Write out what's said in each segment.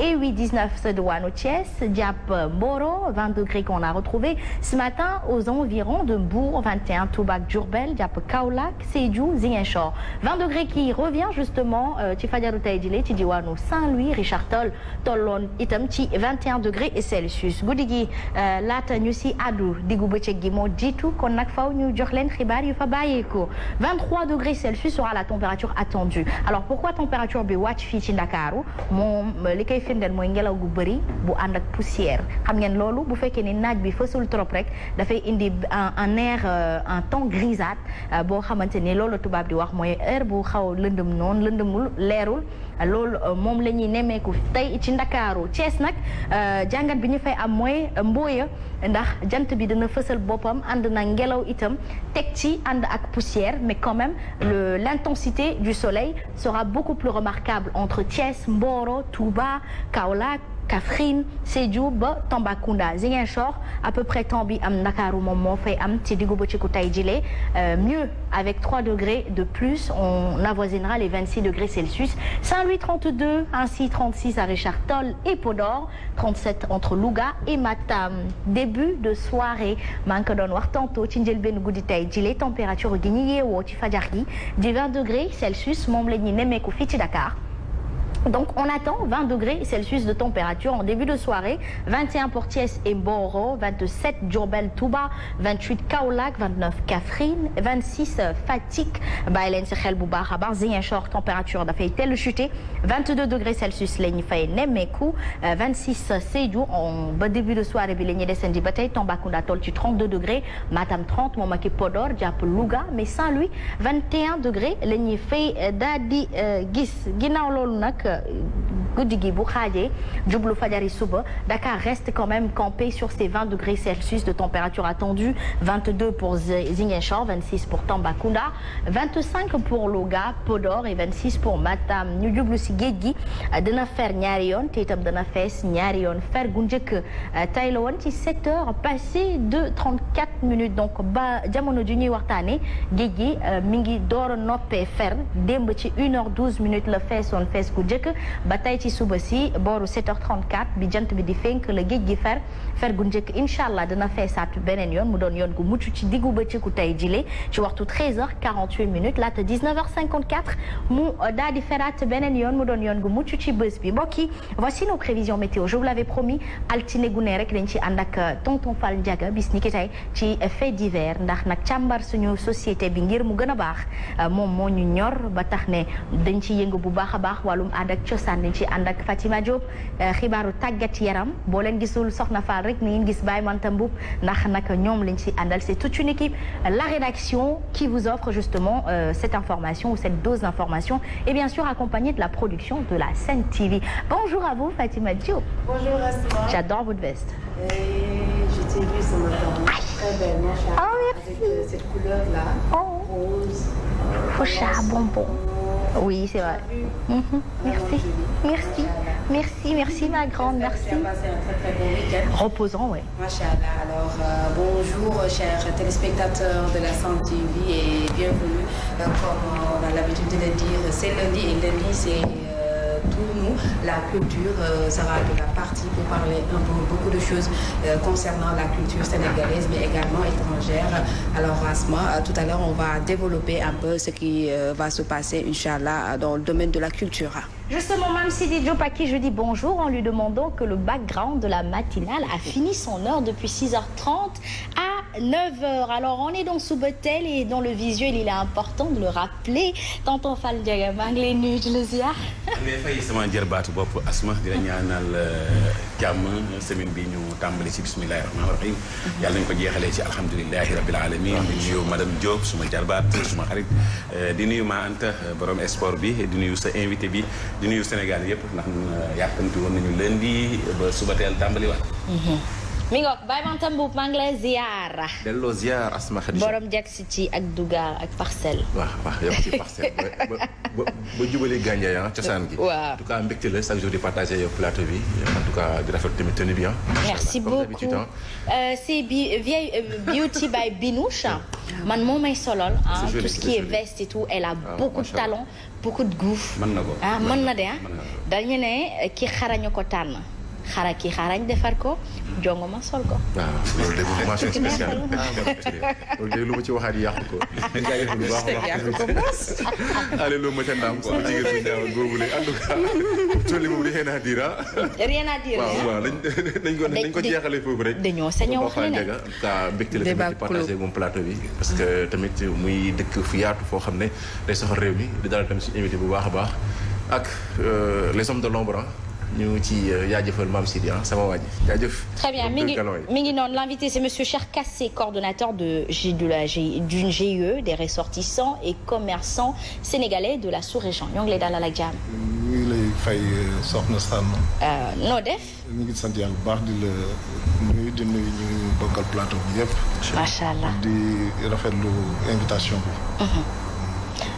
et 8 19 se douane Thiès Diap euh, Mboro 20 degrés qu'on a retrouvé ce matin aux environs de Mbour 21 Toubak Diourbel Diap Kaolack Sédhiou Ziguinchor 20 degrés qui revient justement euh, ci fajaru tey jile ci diwaanu Saint-Louis Richard Toll tolloon itam ci 21 degrés et Celsius guddi gi euh, laata ñu si addu diggu bëccëg gi moo jiitu kon nag faw ñu jox leen xibaar yu fa bàyyeekoo 23 degrés Celsius sera la température attendue alors pourquoi température bi wàcc fii ci firndeel mooy ngelaw gu bëri bu ànd ak poussière xam ngeen loolu bu fekkee ni naaj bi fasul trop rek dafay indi un air euh, un ton grisâtre euh, boo xamante ni loolu tubaab di wax mooy air bu xaw lëndëm noonu lëndëmul leerul Euh, loolu euh, moom la ñuy nemmeeku tey ci ndakaaru Thiès nag euh, jàngat bi ñu fay am mooy mbooya ndax jant bi dina fësal boppam ànd na ngelaw itam teg ci ànd ak poussière mais quand même le l'intensité du soleil sera beaucoup plus remarquable entre Thiès Mboro Touba Kaolack Kaffrine Sédhiou ba Tambacounda Ziguinchor à peu près temps bi am Ndakaaru moom moo fay am ci diggu bëccëgu tey jile euh, mieux avec 3 degrés de plus on avoisinera les 26 degrés Celsius Saint-Louis 32 ainsi 36 à Richard Toll et Podor 37 entre Louga et Matam de soirée maa ngi ko doon wax tantôt ci njëlbéenu guddi tey jile température gi ñu ci fajar gi di 20 degrés Celsius moom la ñuy nemmeeku fii ci Dakar Donc on attend 20 degrés Celsius de température en de soirée, 21 pour Thiès et Mboro, 27 Diourbel-Touba, 28 Kaolack, 29 Kaffrine, 26 Fatick, bàyyi leen si xel bu baax a baax Ziguinchor température dafay teel chuté 22 degrés Celsius la ñu fay nemmeeku 26 euh, Sédhiou en ba début de soirée bi la ñuy descendi ba tey Tambacounda toll ci 32 degrés Matam 30 Moomaki Podor jàpp Louga mais Saint-Louis 21 degrés la ñuy fay euh, daal di euh, gis ginnaaw loolu nag que euh, guddi gi bu xaajee jublu fajari suba Dakar reste quand même campé sur ses 20 degrés Celsius de température attendue 22 pour Ziguinchor 26 pour Tambacounda 25 pour Louga Podor et 26 pour Matam ñu jublu si géej gi euh, dina fer ñaari yoon te itam dana fees ñaari yoon fer gu njëkk euh, tey la woon ci 7 heures passées de 34 minutes donc ba jamono ji ñuy waxtaane géej gi mi ngi door a njëkk ba tey ci suba si booru 7h34 bi jant bi di fénk la géej gi fer fer gu njëkk incha allah dina feesaat beneen yoon mu doon yoon gu mucc ci diggu bëccëgu tey jile ci waxtu 13h48 minutes laata 19h54 mu daal di feraat beneen yoon mu doon yoon gu mucc ci bës bi mbokk yi voici nos prévisions météo je vous l'avais promis altine gu ne rek dañ ci ànd ak euh, tonton Fall Ndiaga bis ni ki tey ci fait divers ndax nag càmbar suñu société bi ngir mu gën a baax euh, moom moo ñu ñor ba tax ne ànd ak cosaan nañ ci ànd ak Fatima Diop eh, xibaaru tàggat yaram boo leen gisul Soxna Fall rek ni ngeen gis Baye Manta Mboup ndax nag ñoom lañ ci àndal c'est toute une équipe la rédaction qui vous offre justement euh, cette information ou cette dose d'information et bien sûr accompagnée de la production de la Sen TV bonjour à vous Fatima Diop. bonjour Asma. j'adore votre veste. Et je t'ai vue ce matin. Très belle, mon chat. Oh, merci. Avec euh, cette couleur-là. Oh. Rose. Faux chat bonbon. Oui, c'est vrai. Mm -hmm. Merci. Merci. Merci, merci ma grande, merci. Reposant, oui. Machallah. Alors, euh, bonjour, chers téléspectateurs de la Sam TV et bienvenue. Euh, comme on a l'habitude de le dire, c'est lundi et lundi, c'est nous, la culture sera euh, de la partie pour parler un peu beaucoup de choses euh, concernant la culture sénégalaise, mais également étrangère. Alors, Rasma, euh, tout à l'heure, on va développer un peu ce qui va se passer, Inch'Allah, dans le domaine de la culture. Justement, Mme Sidi Diop, à qui je dis bonjour en lui demandant que le background de la matinale a fini son heure depuis 6h30 à 9h. Alors, on est dans Soubetel et dans le visuel, il est important de le rappeler. Tonton Fall Ndiaga maa ngi lay nuyu di la ziar. mais fay sama jërbaatu bopp asma dina ñaanal euh, jàmm semaine bi ñu tàmbali ci bismillahi rahmaani rahim. Mhm. yàlla nañu ko jeexale ci alhamdulilahi rabil alamin di nuyu madame Diop suma jarbaat suma xarit. Euh, di nuyu ma Anta borom sport bi di nuyu sa invité bi di nuyu Sénégal yëpp ndax euh, yàkkamti woon nañu lundi ba Soubetel tàmbaliwaat. Mhm. mi ngoog Baye Mantam Mbuub maa ngi lay ziyaara. delloo ziyaar Asma ci ak dugaar ak parcelle. waaw waaw yow ci parcelle ba ba ba jubali gàncax ah, cosaan gi. bi bi ah. merci beaucoup ah. Euh, c'est bi vieille euh, beauty by Binouche. Ah. man moo may solol ah tout ce qui est veste et tout elle a beaucoup de talent beaucoup de goût. mën na ko ah mën de dañu ne ki xarañu ko tànn. xara ki xarañ defar ko jongo ma sol ko. waaw ah, de formation ah, lu ma ci waxaat yàqu ko. jaajëf bu baax a baax allez loolu ma ca ndam quoi jigéen suñu daawoon boobu la en tout cas tolli moom rien à ah. waaw waaw ko nañ ko jeexalee foofu rek. dañoo sañ a wax lu ne ka mbégte la tamit di partagé moom plateau bi. parce que tamit muy dëkk fu yaatu foo xam ne day soxal réew mi di dalal tamit suñu invité bu baax a baax ak euh, les hommes de l'ombre ñu ci euh, jaajëfal maam Sidi ah, sama waa ji jaajëf. très bien mi ngi mi ngi noonu l'invité c'est monsieur Cheikh Kassé coordonnateur de G de la G d'une GIE e, des ressortissants et commerçants sénégalais de la sous-région ñoo ngi lay dalal ak jàmm. ñu ngi lay fay euh, soxna Sànn. Euh, noo def. ñu ngi sant yàlla bu baax di la nuyu di nuyu ñu bokkal plateau bi yëpp. macha allah di rafetlu invitation bi. Mhm.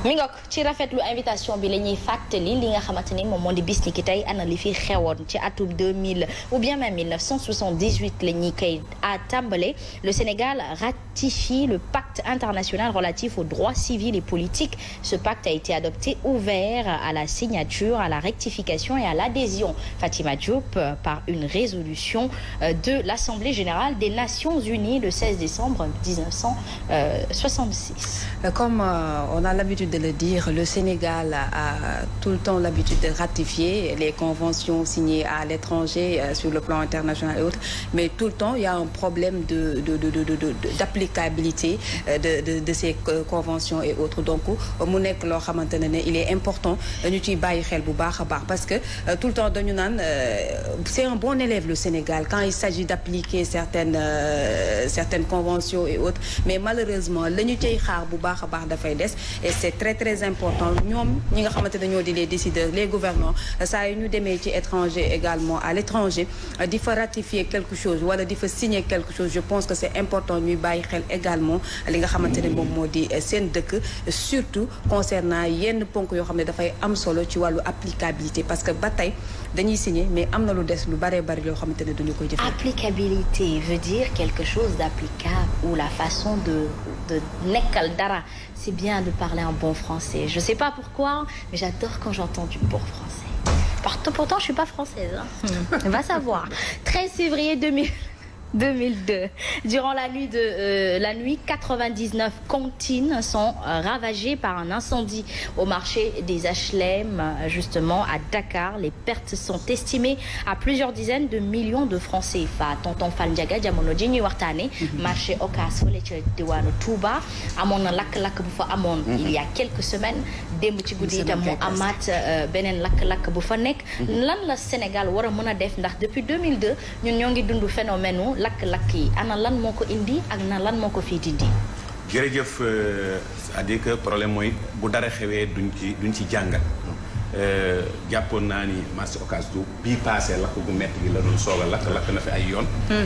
mi ngook ci rafetlu invitation bi la ñuy fàttali li nga xamante ni moom moo di bis ni ki tey ana li fi xewoon ci atum 2000 ou bien même 1978 la ñuy koy à tàmbale le Sénégal ratifie le pacte international relatif aux droits civils et politiques ce pacte a été adopté ouvert à la signature à la rectification et à l'adhésion Fatima Diop euh, par une résolution euh, de l'Assemblée générale des Nations unies le 16 décembre 1966 euh, comme on a de le dire, le Sénégal a tout le temps l'habitude de ratifier les conventions signées à l'étranger euh, sur le plan international et autres, mais tout le temps il y a un problème de de de de d'applicabilité euh, de de de ces euh, conventions et autres. Donc mu nekk loo xamante ne ne il est important ñu ciy bàyyi xel bu baax a baax parce que tout le temps dañu naan c'est un bon élève le Sénégal quand il s'agit d'appliquer certaines certaines conventions et autres mais malheureusement la ñu cay xaar bu baax a baax dafay des très très important ñoom ñi nga xamante ne ñoo di les décideurs les gouvernants saa yu ñu demee ci étranger également à l'étranger di fa ratifier quelque chose wala di fa signer quelque chose je pense que c'est important ñuy bàyyi xel également li nga xamante ne moom moo di seen dëkk surtout concernant yenn ponk yoo xam ne dafay am solo ci wàllu applicabilité parce que ba tey dañuy signer mais am na lu des lu baree bari yoo xamante ne duñu koy jëfee. applicabilité veut dire quelque chose d'applicable ou la façon de de nekkal dara. c'est bien de parler un bon français. Je sais pas pourquoi, mais j'adore quand j'entends du bon français. Pourtant, pourtant je suis pas française. Hein. Hmm. On va savoir. 13 février 2000. 2002. Durant la nuit de euh, la nuit, 99 cantines sont euh, ravagées par un incendie au marché des HLM, euh, justement à Dakar. Les pertes sont estimées à plusieurs dizaines de millions de francs CFA. Tonton Fall jamono ji ñuy waxtaane mhm. marché Ocass fële ca diwaanu Touba amoon na lakk-lakk bu fa amoon mhm. il y démb ci guddi itam mu amaat euh, beneen lakk-lakk bu fa nekk mhm. lan la Sénégal war a a def ndax depuis 2002 ñun ñoo ngi dund phénomène lakk-lakk yi ana lan moo ko indi ak na lan moo ko fii dindi jërëjëf euh, c'est-à-dire problème mooy bu dara xewee duñ ci duñ ci jàngat euh, jàppoon naa ni marché Ocass du bii passé lakk gu métti gi la doon soog a lakk lakk na fi ay yoon mhm.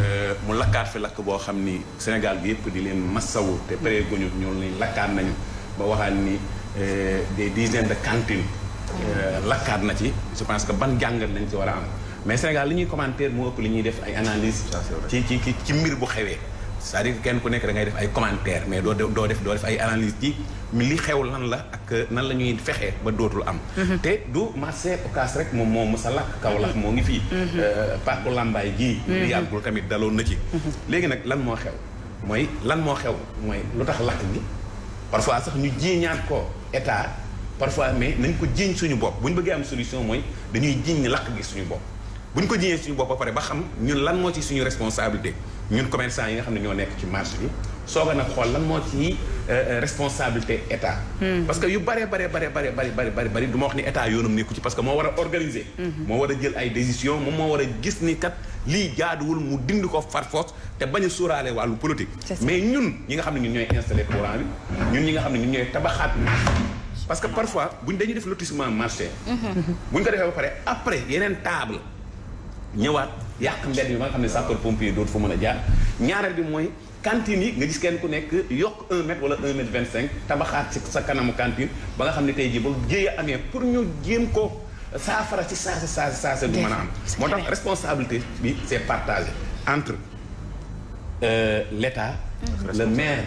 euh, mu lakkaat fi lakk boo xam ni Sénégal gi yëpp di leen massawu te pare guñu ñoo ni lakkaat nañu ba waxaat ni des dizaines de cantines lakkaat na ci je pense que ban jàngat nañ ci war a am mais Sénégal li ñuy commentaire moo ëpp li ñuy def ay analyse ci ci ci ci mbir bu xewee cest dire que kenn ku nekk dangay ngay def ay commentaire mais doo doo def doo def ay analyse ci li xew lan la ak nan la ñuy fexee ba dootul am mhm. te du marché Ocass rek moom moo mës a lakk mhm. Kaolack moo ngi fii mhm. euh, parku Lambaay gii li yàggul tamit daloon na ci léegi nag lan moo xew mooy lan moo xew mooy lu tax lakk gi parfois sax ñu jiiñaat ko état parfois mais nañ ko jiiñ suñu bopp bu ñu bëggee am solution mooy dañuy jiiñ lakk gi bopp bu ñu ko jiñee suñu bopp ba pare ba xam ñun lan moo ci suñu responsabilité ñun commerçant yi nga xam ne ñoo nekk ci marché bi soog a nag xool lan moo ci euh, responsabilité état. Hmm. parce que yu bare bare bare bare bari bari bari bari du ma wax ni état yoonam nekku ci parce que moo war a organiser. Hmm. moo war a jël ay décision moom moo war a gis ni kat lii jaaduwul mu dind ko far force te bañ a suuraale wàllu politique. mais ñun ñi nga xam ne ñun ñooy installé courant ñun ñi nga xam ne ñun ñooy tabaxaat parce que parfois buñ dañuy def lotissement marché. Hmm. buñ ko defee ba pare après yeneen table. ñëwaat yàq mbedd bi ba nga xam ne sapeur pompier dootu fa mën a jaar ñaareel bi mooy cantine yi nga gis kenn ku nekk yokk un mètre wala un mètre vingt cinq tabaxaat ci sa kanamu cantine ba nga xam ne tey jii ba jéey a amee pour ñu jéem ko saafara si saase saase saase du mën a am moo tax responsabilité bi c'est partagé entre euh, l'État mmh. le maire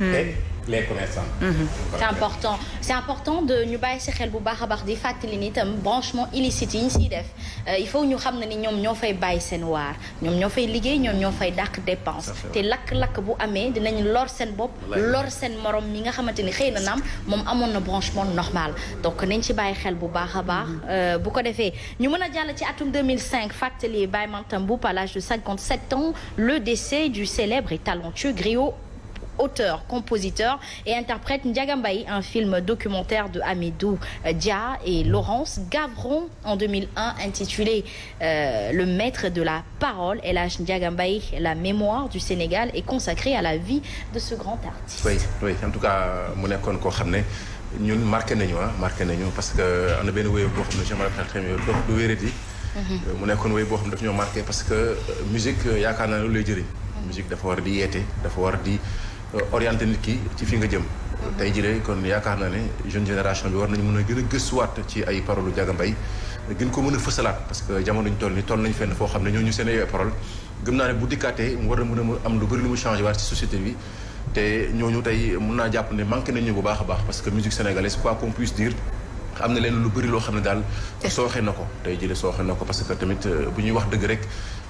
et mmh. les commerçants. Mhm. c'est important c'est important de ñu bàyyi si xel bu baax a baax di fàttali ni itam branchement illicite yi ñu siy def euh, il faut ñu xam na ni ñoom ñoo fay bàyyi seen waar ñoom ñoo fay liggéey ñoom ñoo fay dàq dépense te lakk-lakk bu amee dinañ lor seen bopp lor seen morom mi nga xamante ni xëy na naam moom amoon na branchement normal donc nañ ci bàyyi xel bu baax a baax mhm. euh, bu ko defee ñu mën a jàll ci atum 2005 fàttali Baye Mantam Mboup à l'âge de 57 ans le décès du célèbre et talentueux auteur, compositeur et interprète Ndiagambaï, un film documentaire de Hamidou euh, Dia et Laurence Gavron en 2001 intitulé euh, Le maître de la parole. El Hadj Ndiagambaï, la mémoire du Sénégal est consacrée à la vie de ce grand artiste. Oui, oui. en tout cas mu nekkoon koo xam ne ñun marqué nañu ah marqué nañu parce que euh, am na benn wéy boo xam ne boo mm-hmm. euh, ñoo marqué parce que musique yaakaar naa loolu lay jëriñ. Mm-hmm. musique dafa war di yeete dafa war di. Euh, orienté nit ki ci fi nga jëm. tey jii kon yaakaar naa ne jeune génération bi war nañu mën a gën a gëstuwaat ci ay parole Diaga mbay gën ko mën a fësalaat parce que jamono ñu toll ni toll nañu fenn foo xam ne ñooñu seen ay parole gëm naa ne bu dikkaatee mu war a mën a am lu bëri lu mu changé waat ci société bi te ñooñu tey mun naa jàpp ne manqué nañu bu baax a baax parce que musique sénégalaise quoi qu'on puisse dire am na leen lu bari loo xam ne daal sooxe na ko tey jii sooxe na ko parce que tamit euh, bu ñuy wax dëgg rek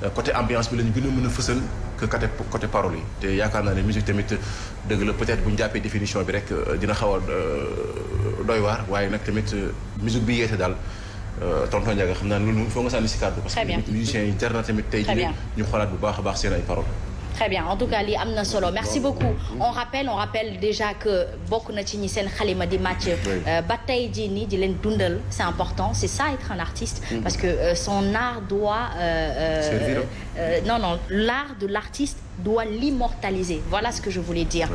Euh, côté ambiance bi la ñu gën a mën a fësal que côté côté parole yi te yaakaar naa ne musique tamit dëgg la peut-être bu ñu jàppee définition bi rek euh, dina xaw a euh, doy waar waaye nag tamit musique bi yeete daal tonton Ndiaga xam naa loolu moom foo nga sànni si kàddu parce que musiciens yi jar na tamit tey jii ñu xoolaat bu baax a baax seen ay parole très bien en tout cas lii am na solo merci beaucoup on rappelle on rappelle déjà que bokk na ci ñi seen xalima di màcc euh, ba tey jii nii di leen dundal c'est important c'est ça être un artiste mm-hmm. parce que euh, son art doit euh, euh, euh, non non l'art de l'artiste doit l'immortaliser voilà ce que je voulais dire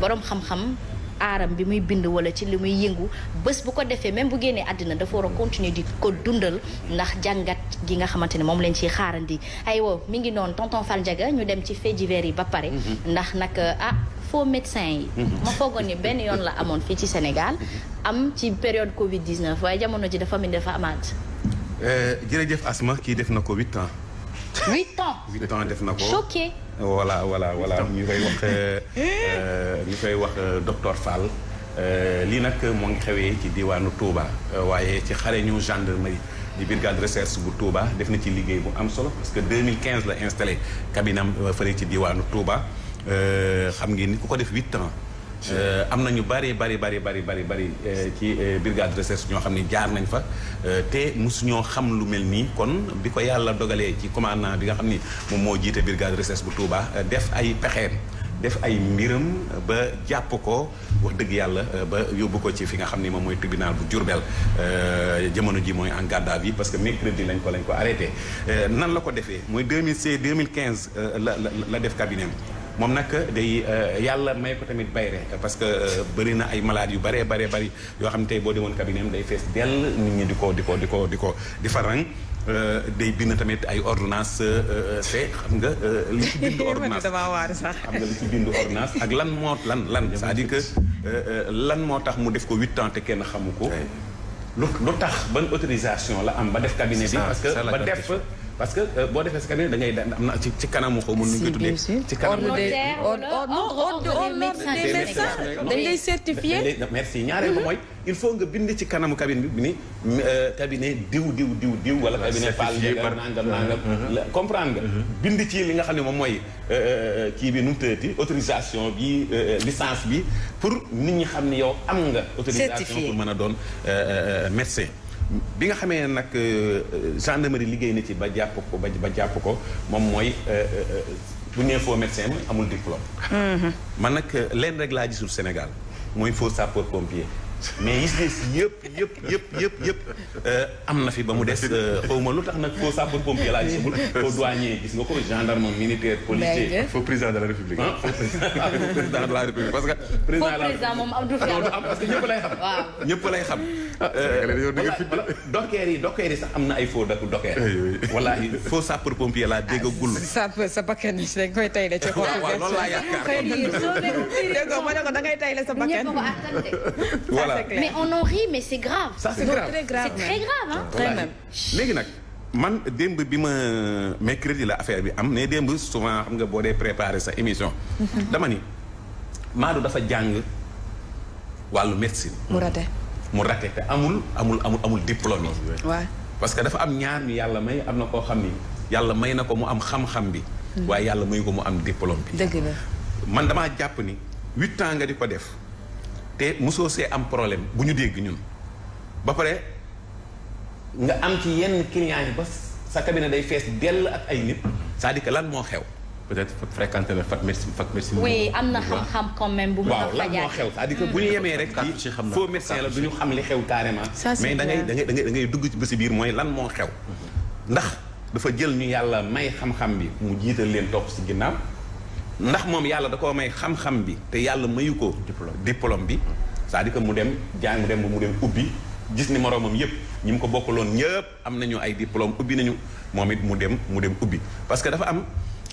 boroom xam-xam aaram bi muy bind wala ci li muy yëngu bés bu ko defee même bu génnee àddina dafa war a continuer di ko dundal ndax jàngat gi nga xamante ne moom lañ ciy xaarandi aywa mi ngi noonu tonton Fall Ndiaga ñu dem ci faits divers yi ba pare mhm. ndax nag ah foo médecin yi mhm. ma foogoon ni benn yoon la amoon fii ci Sénégal mhm. am ci période Covid 19 waaye jamono ji dafa mel ni dafa amaat euh, jërëjëf Asma kii def na ko huit ans huit ans huit ans def na ko choqué voilà voilà voilà ñu koy wax eh. euh, ñu wax euh, docteur Fall. Euh, lii nag moo ngi xewee ci diwaanu Touba waaye ci xare ñu gendarmerie di brigade recherche bu Touba def na ci liggéey bu am solo parce que 2015 la installé cabinam fële ci diwaanu Touba xam ngi ni ku ko def huit ans. Euh, am na ñu bari bari bari bari bari bari euh, ci euh, brigade recherche ñoo xam ne jaar nañ fa te mosu ñoo xam lu mel nii kon bi ko yàlla dogalee ci commandant bi nga xam ni moom moo jiite brigade recherche bu Touba def ay pexeem def ay mbiram ba jàpp ko wax dëgg yàlla ba yóbbu ko ci fi nga xam ni moom mooy tribunal bu Diourbel jamono ji mooy en garde à vue parce que mercredi lañ ko lañ ko arrêté nan la ko defee mooy 2016 2015 la la la def cabinet moom nag euh, day euh, yàlla may ko tamit bayre parce que euh, bëri na ay malades yu bëree baree bari yoo xam ne tey boo demoon cabinet am day fees dell nit ñi di ko di ko di di ko di fa rang day bind tamit ay ordonnance te xam nga li ci bind ordonnance xam nga li ci bind ordonnance ak lan moo lan lan cest di dire que lan moo tax mu def ko huit ans te kenn xamu ko lu lu tax ban autorisation la am ba def cabinet bi parce que ba def parce que euh, boo defee scanner da ngay am na ci ci kanamu xaw ma nu ñu koy tuddee. ci kanamu des médecins dañ lay certifié. merci ñaareel ko mm-hmm. mooy il faut nga bind ci kanamu cabine bi ni euh, cabinet diw diw diw diw wala cabinet pal par nangam nangam mm-hmm. comprendre nga mm-hmm. bind ci li nga xam ne moom mooy euh, kii bi nu mu tëddati autorisation bi licence bi pour nit ñi xam ne yow am nga autorisation pour mën a doon médecin bi nga xamee ne nag euh, gendarmerie liggéey na ci ba jàpp ko ba jàpp ko moom mooy euh, euh, bu ñu nee amul diplôme. Mm-hmm. man nag leen rek laa gisul Sénégal mooy faux sapeur pompier. mais yi si des am na fi ba mu des euh, xaw ma lu tax nag foo sapeur pompier laa gisagul foo douanier gis nga ko gendarme militaire policier foo président de la république ah, foo président de la république parce que président moom Abdou Fial am parce que ñëpp lay xam ñëpp lay xam ah, euh, dokkeer yi dokkeer yi sax am na ay foo dak dokkeer wallaahi foo sapeur pompier laa déggagul sa sa bakkan si dañ koy tay la ci xool loolu laa yaakaar dégg ma ne ko voilà. mais on en mais c'est grave. c'est très grave hein. léegi nag man démb bi ma mercredi la affaire bi am ne démb souvent xam nga boo dee préparer sa émission. Mhm. dama ni Madou dafa jàng wàllu médecine. mu raté mu raté te amul amul amul amul diplôme yi. waaw parce que dafa am ñaar ñu yàlla may am na koo xam ni yàlla may na ko mu am xam-xam bi. Mhm. waaye yàlla may ko mu am diplôme bi. man damaa jàpp ni huit ans nga di ko def. te mosoo see am problème bu ñu dégg ñun ba pare nga am ci yenn client yi ba sa cabinet day fees dell ak ay nit sa à lan moo xew peut-être fréquenté la fac médecine fac médecine oui am na xam-xam quand même bu waaw lan moo xew c'est-à-dire que hmm. bu ñu yemee rek ci faux médecin la du ñu xam li xew carrément mais da ngay da ngay da ngay dugg ci si biir mooy lan moo xew mhm. ndax dafa jël ñu yàlla may xam-xam bi mu jiital leen topp si ginnaaw ndax moom yàlla da koo may xam-xam bi te yàlla mayu ko diplôme bi saa di dire mu dem jàng mu dem mu dem ubbi gis ni moroomam yépp ñi mu ko bokkaloon ñëpp am nañu ay diplôme ubbi nañu moom it mu dem mu dem ubbi parce dafa am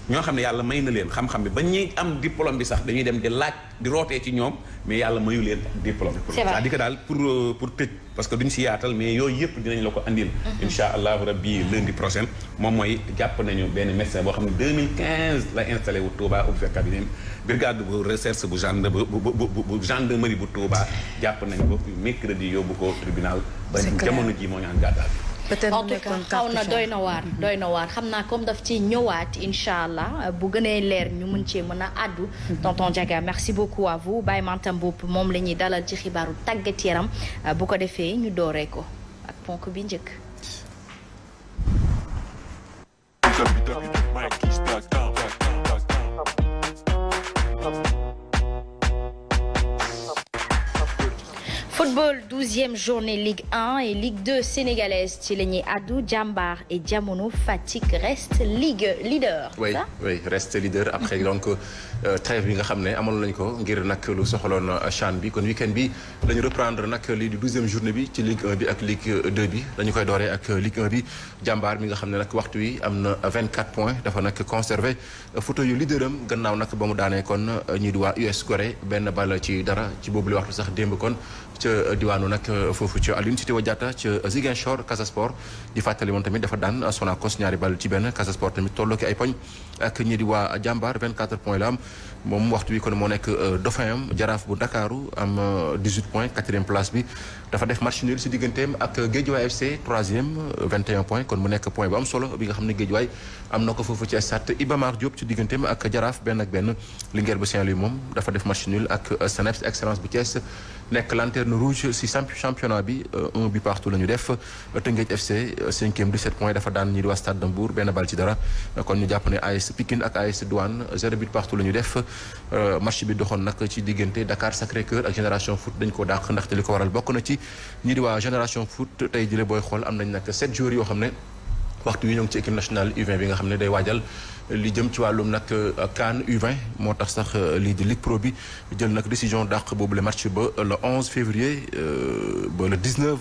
ñoo xam ne yàlla may na leen xam-xam bi ba ñuy am diplôme bi sax dañuy dem di laaj di rootee ci ñoom mais yàlla mayu leen diplôme c'est-à-dire que daal pour euh, pour tëj parce que duñ si yaatal mais yooyu yëpp dinañ la ko andil mm-hmm. insha allahu rabbi lundi prochain moom mooy jàpp nañu benn médecin boo xam ne 2015 la installé wu Touba ouvert cabinet brigade bu recherche bu gendre bu gendarmerie bu Touba jàpp nañ ko mercredi yóbbu ko tribunal ba jamono ji moo ñaan gàddaal peut-être en tout xaw na doy na waar mm-hmm. na waar xam naa kom daf ci ñëwaat incha allah bu gënee leer ñu mën cee mën a àddu mm-hmm. tonton Diaga merci beaucoup à vous Baye Manta Mboup moom la ñuy dalal ci xibaaru tàggat yaram bu ko defee ñu dooree ko ak ponk bi njëkk football douzième journée Ligue 1 et Ligue 2 sénégalaise ci la ñuy addu Jambar et Jamono Fatick reste ligue leader. oui oui reste leader après donc euh, trêve bi nga xam ne amoon nañu ko ngir nag lu soxaloon euh, chan bi kon week bi dañu reprendre nag lii di douzième journée bi ci Ligue bi ak Ligue 2 bi dañu koy dooree ak Ligue bi jàmbaar mi nga xam ne nag waxtu wi am na vingt 24 points dafa nag conservé euh, photo yu leader am gannaaw nag ba mu daanee kon ñii di waa US Gorée benn ball ci dara ci boobu la waxtu sax démb kon. ca euh, diwaanu nag euh, foofu ca Aline Sitoé Diatta ca euh, Ziguinchor Casa Sport di fàttali tamit dafa daan Sonacos ñaari bal ci benn Casa Sport tamit tolloo ki ay poñ ak ñi di waa jàmbaar 24 points la am moom waxtu bi kon moo nekk euh, dauphin am jaraaf bu ndakaaru am 18 euh, points quatrième place bi dafa def match nul si digganteem ak Guédiawaye FC troisième 21 euh, points kon mu nekk point bu am solo bi nga xam ne Guédiawaye am na ko foofu ci stade Iba Mar Diop ci digganteem ak jaraaf benn ak benn Linguère bu Saint-Louis moom dafa def match nul ak CNEPS excellence bu Thiès nekk lanterne rouge si championnat bi un but partout la ñu def Teungueth FC cinquième 17 points dafa daan ñi di waa benn bal ci dara kon jàpp ne AS Pikine ak AS Douane la ñu def Euh, match bi doxoon nag ci diggante Dakar Sacré-Cœur ak Génération Foot dañ ko dàq ndaxte li ko waral bokk na ci ñi di waa Génération Foot tey jële booy xool am nañ nag 7 jours yoo xam ne waxtu wi ñoom ci équipe nationale u bi nga xam ne day waajal li jëm ci wàllum nag euh, CAN u moo tax sax euh, lii di Ligue Pro bi jël nag décision dàq boobu le match ba le 11 février euh, ba le 19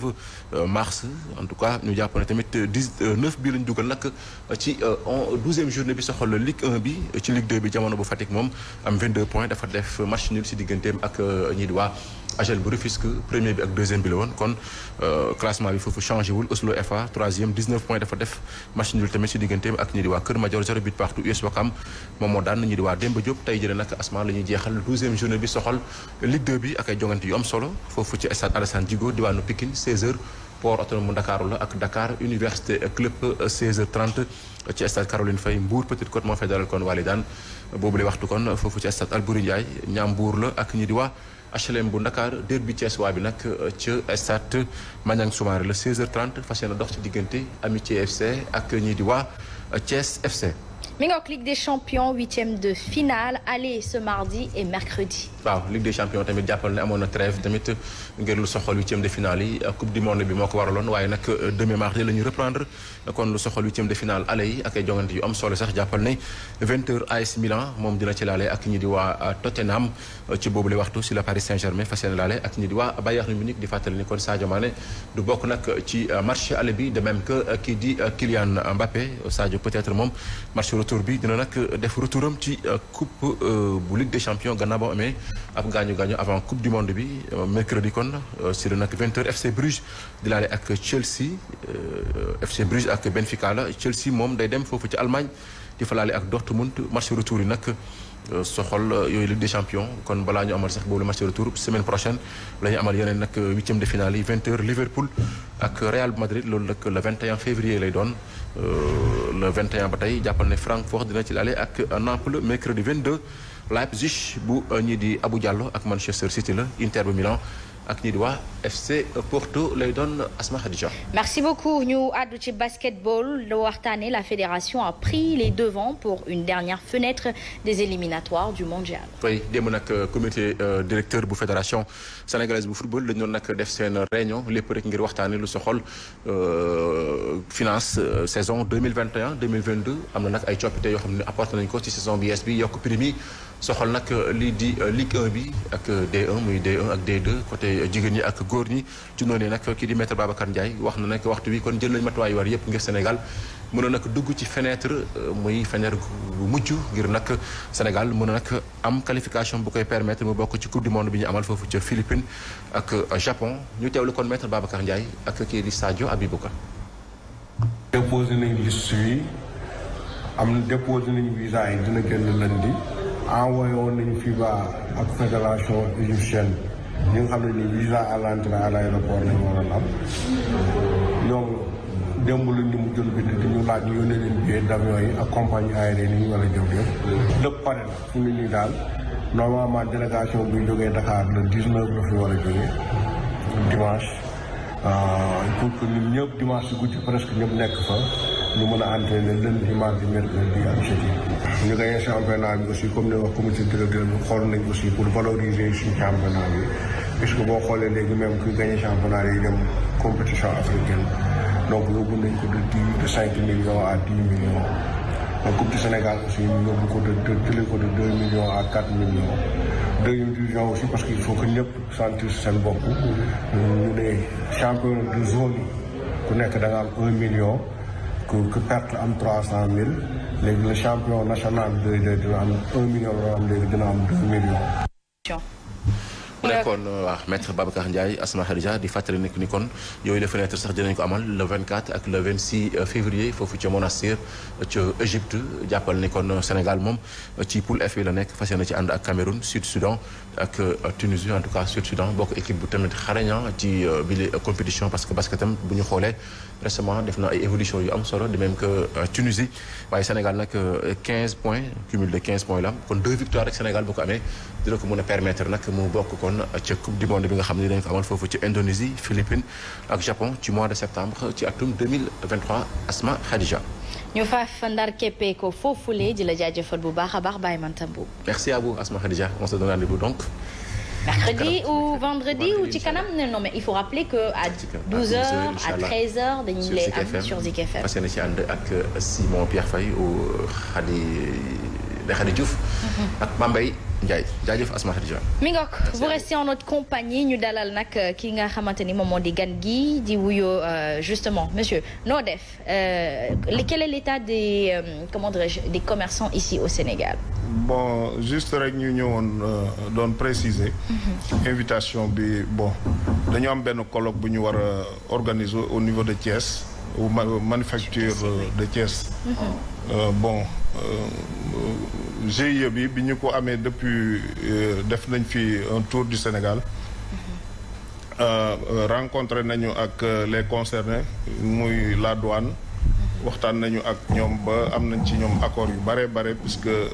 mars en tout cas ñu jàpp ne tamit 19 bii lañ dugal nag ci on 12e journée bi soxal Ligue 1 bi ci Ligue 2 bi jamono bu Fatick moom am 22 points dafa def match nul si digganteem ak ñii di HL bu Rufisque premier bi ak deuxième bi la woon kon euh, classement bi foofu changé wul Oslo FA troisième 19 points dafa def match nul tamit si digganteem ak ñi di Kër Madior zéro but partout US Wakam moom moo daan ñi di waa Demba Diop tey jëlee nag asma la ñuy jeexal douzième journée bi soxal Ligue bi ak ay jongante yu am solo foofu ci stade Alassane Djigo diwaanu Pikine 16h port autonome Ndakaaru la ak Dakar Université Club 16h30 ci stade Caroline la ak ñi di waa HLM bu Ndakaar derby Thiès waa bi nag euh, ca stade Maniang Soumaré la 16h30 fas yéene dox ci diggante Amitié FC ak ñii di waa Thiès FC. mi ngook Ligue des champions huitième de finale aller ce mardi et mercredi. waaw Ligue des champions tamit jàppal na amoon na trêve tamit ngir lu soxal huitième de finale yi coupe du monde bi moo ko waraloon waaye nag euh, demain mardi la ñu reprendre kon lu soxal huitième de finale aller yi ak ay jongante yu am solo sax jàppal ne vingt heures AS Milan moom dina ci laale ak ñi di waa euh, Tottenham euh, ci boobule waxtu si la Paris Saint-Germain fas yéene laale ak ñi di waa Bayern Munich di fàttali ni kon bokk nag ci match aller bi de même que kii di Kylian Mbappé Sadio peut-être moom retour bi dina nag euh, def retouram ci euh, coupe euh, bu Ligue des champions gannaaw boo amee ab gaañu gaañu avant coupe du monde bi mercredi kon si la nag 20h FC Bruges di laale ak Chelsea FC ak Benfica la Chelsea moom day dem foofu ci Allemagne di fa laale ak Dortmund match retour yi nag. soxol yooyu Ligue des kon balaa ñu amal sax boobu le match retour la ñu amal yeneen nag huitième de finale yi vingt heures Liverpool ak Real Madrid loolu nag le 21 février lay doon. Euh, le 21 ba tey jàppal ne Francfort dina ci laale ak Naples mercredi 22 Leipzig bu euh, ñii di Abu Diallo ak Manchester City la Inter bu Milan ak ñi di waa FC Porto lay doon Asma Khadija. Merci beaucoup ñu àddu ci basketball lu waxtaane la fédération a pris les devants pour une dernière fenêtre des éliminatoires du mondial. oui démb nag euh, comité directeur bu fédération. sénégalaise bu football lañ doon nag def seen réunion lépp rek ngir waxtaanee lu soxol euh, finance euh, saison vingt 2022 am na nag ay coppite yoo xam ne apporté nañ ko ci saison bi yees bi yokk prime yi soxol nag lii di euh, Ligue 1 bi ak D1 muy D1 ak D2 côté jigéen ñi ak góor ñi ci noonu nag kii di maître Babacar Ndiaye wax na nag waxtu wi kon jël nañ matuwaay war yëpp ngir Sénégal mën a nag dugg ci fenêtre euh, muy fenêtre bu mujj ngir nag Sénégal mën na nag am qualification bu koy permettre mu bokk ci coupe du monde bi ñu amal foofu ca Philippines ak euh, Japon ñu teewlu kon maître Babacar ak kii di Sadio Habibou Ka. déposé nañ liste yi am déposé nañ visa yi dina génn lundi envoyé woon nañu FIBA ak fédération égyptienne ñi xam ne ni visa à l'entrée à l'aéroport lañ waroon am ñoom. démb la ñu mujjoon bi te ñu laaj ñu yónnee leen billet d'avion yi ak compagnie aérienne yi ñu war a jëm yëpp. lépp pare na fu mu ne daal normalement délégation bi jógee Dakar le 19 la fi war a jógee dimanche pour euh, que ñun ñëpp dimanche si guddi presque ñëpp nekk fa ñu mën a entraîner lundi mardi mercredi ak jeudi. ñu gagné championnat bi comme ni wax comité directeur bi xool nañ aussi pour valoriser suñu championnat bi boo xoolee léegi même kuy gagné championnat yi dem compétition africaine. donc yóbbu nañ ko de dix de cinq millions à dix millions donc du Sénégal aussi ñu de jëlee ko ñëpp sentir seen bopp. ñu ne champion de ku nekk da nga am un million. ku perte am trois cent mille léegi le champion national de de dina am million loo am léegi dina am deux millions. mu nekkoon waaw euh, maître Babacar Ndiaye Asma Kharija di fàttali nekk ni kon yooyu la fenêtre sax dinañ ko amal le 24 ak le 26 euh, février foofu ca Monastir euh, ca Égypte jàppal ni kon Sénégal moom ci poule F la nekk fas yéene ci ànd ak Cameroun Sud Soudan ak euh, Tunisie en tout cas Sud Soudan bokk équipe bu tamit xaraña ci euh, bile compétition parce que basket bu ñu xoolee récemment def na ay évolution yu am solo de même que euh, Tunisie waaye Sénégal nag 15 points cumul de 15 points la kon deux victoires rek Sénégal boo ko amee dina ko mën a permetre nag mu bokk kon ca coupe du monde bi nga xam ni dañ ko amal foofu ci Indonésie Philippines ak Japon ci mois de septembre ci atum 2023 Asma Khadija ñu fa ndar keppee ko foofulee di la jaajëfal bu baax a baax Baye Manta Mbow. merci à vous Asma Khadija on se donne rendez-vous donc. mercredi ou vendredi ou ci kanam non mais il faut rappeler que à 12h à am sur Zik FM parce que na ci Pierre Faye ou Khady Khady Diouf mhm. ak Ndiaye jaajëf Asmatou Dione mi ngook vous restez en notre compagnie ñu dalal nag euh, ki nga xamante ni moom moo di gan gi di wuyoo euh, justement monsieur noo def euh, quel est l'état des comment dirais-je des commerçants ici au Sénégal bon juste rek ñu ñëwoon doon préciser mhm. invitation bi bon dañu am benn colloque bu ñu war a organiser au niveau de Thiès ou manufacture de Thiès mhm. Euh, euh, GIE bi bi ñu ko amee depuis euh, def nañ fi un tour du Sénégal rencontré nañu ak les concernés muy la douane waxtaan nañu ak ñoom ba am nañ ci ñoom accord yu bare bare puisque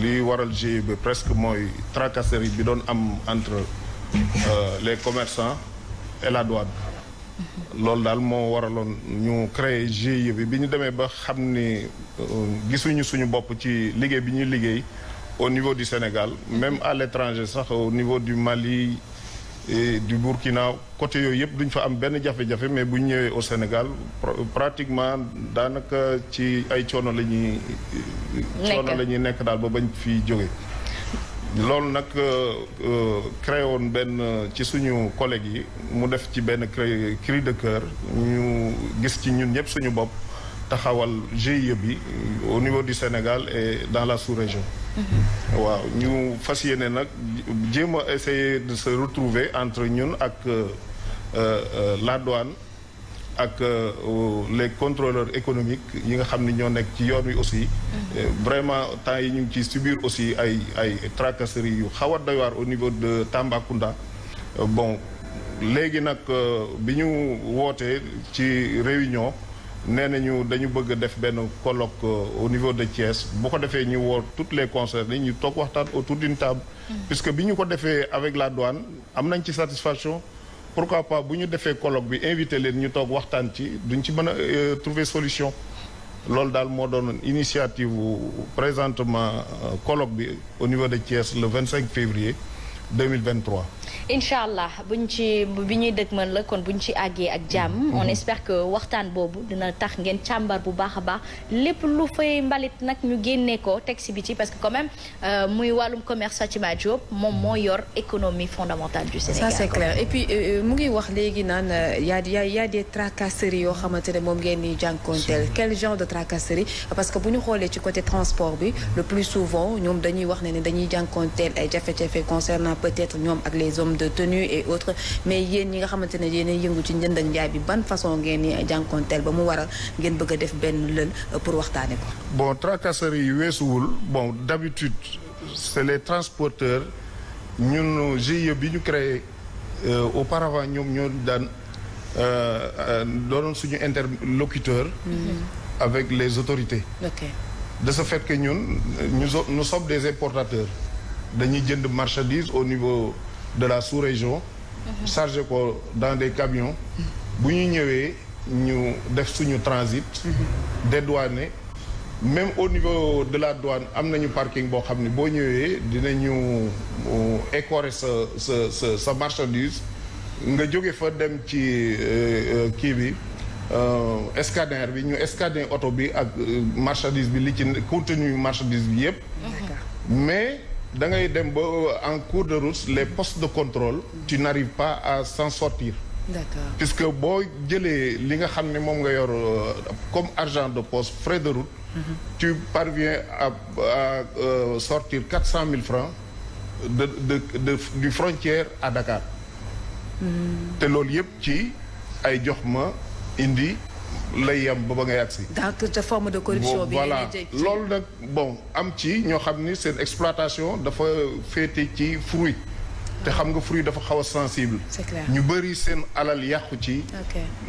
li waral GIE bi presque mooy tracasserie bi doon am entre les commerçants et la douane loolu daal moo waraloon ñu créer GIE bi bi ñu demee ba xam ni euh, gisuñu suñu bopp ci liggéey bi ñuy liggéey au niveau du Sénégal même à l'étranger sax au niveau du Mali et du Burkina côté yooyu yëpp duñ fa am benn jafe-jafe mais bu ñu ñëwee au Sénégal pratiquement daanaka ci ay coono la ñuy coono la ñuy nekk daal ba bañ fi jóge loolu nag euh, euh, créé woon benn euh, ci suñu collège yi mu def ci benn cri de cœur ñu gis ci ñun ñëpp suñu bopp taxawal GIE bi au niveau du Sénégal et dans la sous-région mm-hmm. waaw ñu fas yéene nag jéem a essayer de se retrouver entre ñun ak la douane ak euh, les contrôleurs économiques yi nga xam ni ñoo nekk ci yoon wi aussi. Mm-hmm. Euh, vraiment temps yi ñu ngi ci subir aussi ay ay tracasseries yu xaw a doy au niveau de Tambacounda. Euh, bon léegi nag bi ñu wootee ci réunion nee ñu dañu bëgg a def benn colloque au niveau de Thiès bu ko defee ñu woo toutes les concernées ñu toog waxtaan au autour d'une table. Mm-hmm. puisque bi ñu ko defee avec la douane am nañ ci satisfaction. pourquoi pas bu ñu defee colloque bi invité leen ñu toog waxtaan ci duñ ci mën a euh, trouver solution loolu daal moo doon initiative présentement euh, colloque bi au niveau de Thiès le 25 février 2023 incha allah bu buñ ci bi ñuy dëg mën la kon bu buñ ci àggee ak jàmm mhm. on espère que waxtaan boobu dina tax ngeen càmbar bu baax a baax lépp lu fay mbalit nag ñu génnee ko teg si ci parce que quand même euh, muy wàllum commerce Fatima Diop moom moo yor économie fondamentale du Sénégal ça c'est clair et puis euh, euh, mu ngi wax léegi naan yaa yaa yaa des tracasseries yoo xamante ne moom ngeen di jànkoonteel quel genre de tracasserie parce que bu ñu xoolee ci côté transport bi le plus souvent ñoom dañuy wax ne ne dañuy jànkoonteel ay jafe-jafe peut-être ñoom ak les hommes de tenue et autres mais yéen ñi nga xamante ne yéen a yëngu ci njënd ak njaay bi ban façon ngeen ni jànkonteel ba mu waral ngeen bëgg def benn lël euh, pour waxtaane ko bon tracasserie yi weesuwul bon d'habitude c'est les transporteurs ñun GIE bi ñu créé euh, auparavant ñoom ñoo daan euh, doonoon suñu interlocuteur mm-hmm. avec les autorités okay. de ce fait que ñun nous, des importateurs dañuy jënd marchandise au niveau de la sous-région. Mhm. chargé ko dans des camions. bu ñu ñëwee ñu def suñu transit. Mhm. dédouané même au niveau de la douane am na ñu parking boo xam ne boo ñëwee dinañu euh, écorer sa sa sa sa marchandise nga jóge fa dem ci euh, euh, kii bi escadère bi ñu escadère oto bi ak marchandise bi li ci contenu marchandise bi yépp mais. da ngay dem ba euh, en cours de route les postes de contrôle ci n'arrives pas à s'en sortir d'accord puisque boo jëlee li nga xam ne moom nga yor euh, comme argent de poste frais de route mm -hmm. tu parviens à, à euh, sortir quatre cent mille francs de de de du frontière à Dakar mm-hmm. te loolu yëpp ci ay jox ma indi lay yem ba ba ngay agsi. donc te forme de corruption voilà loolu nag bo am ci ñoo xam ni seen exploitation dafa féete ci fruit. te xam nga fruit dafa xaw a sensible. ñu bëri seen alal yàqu ci.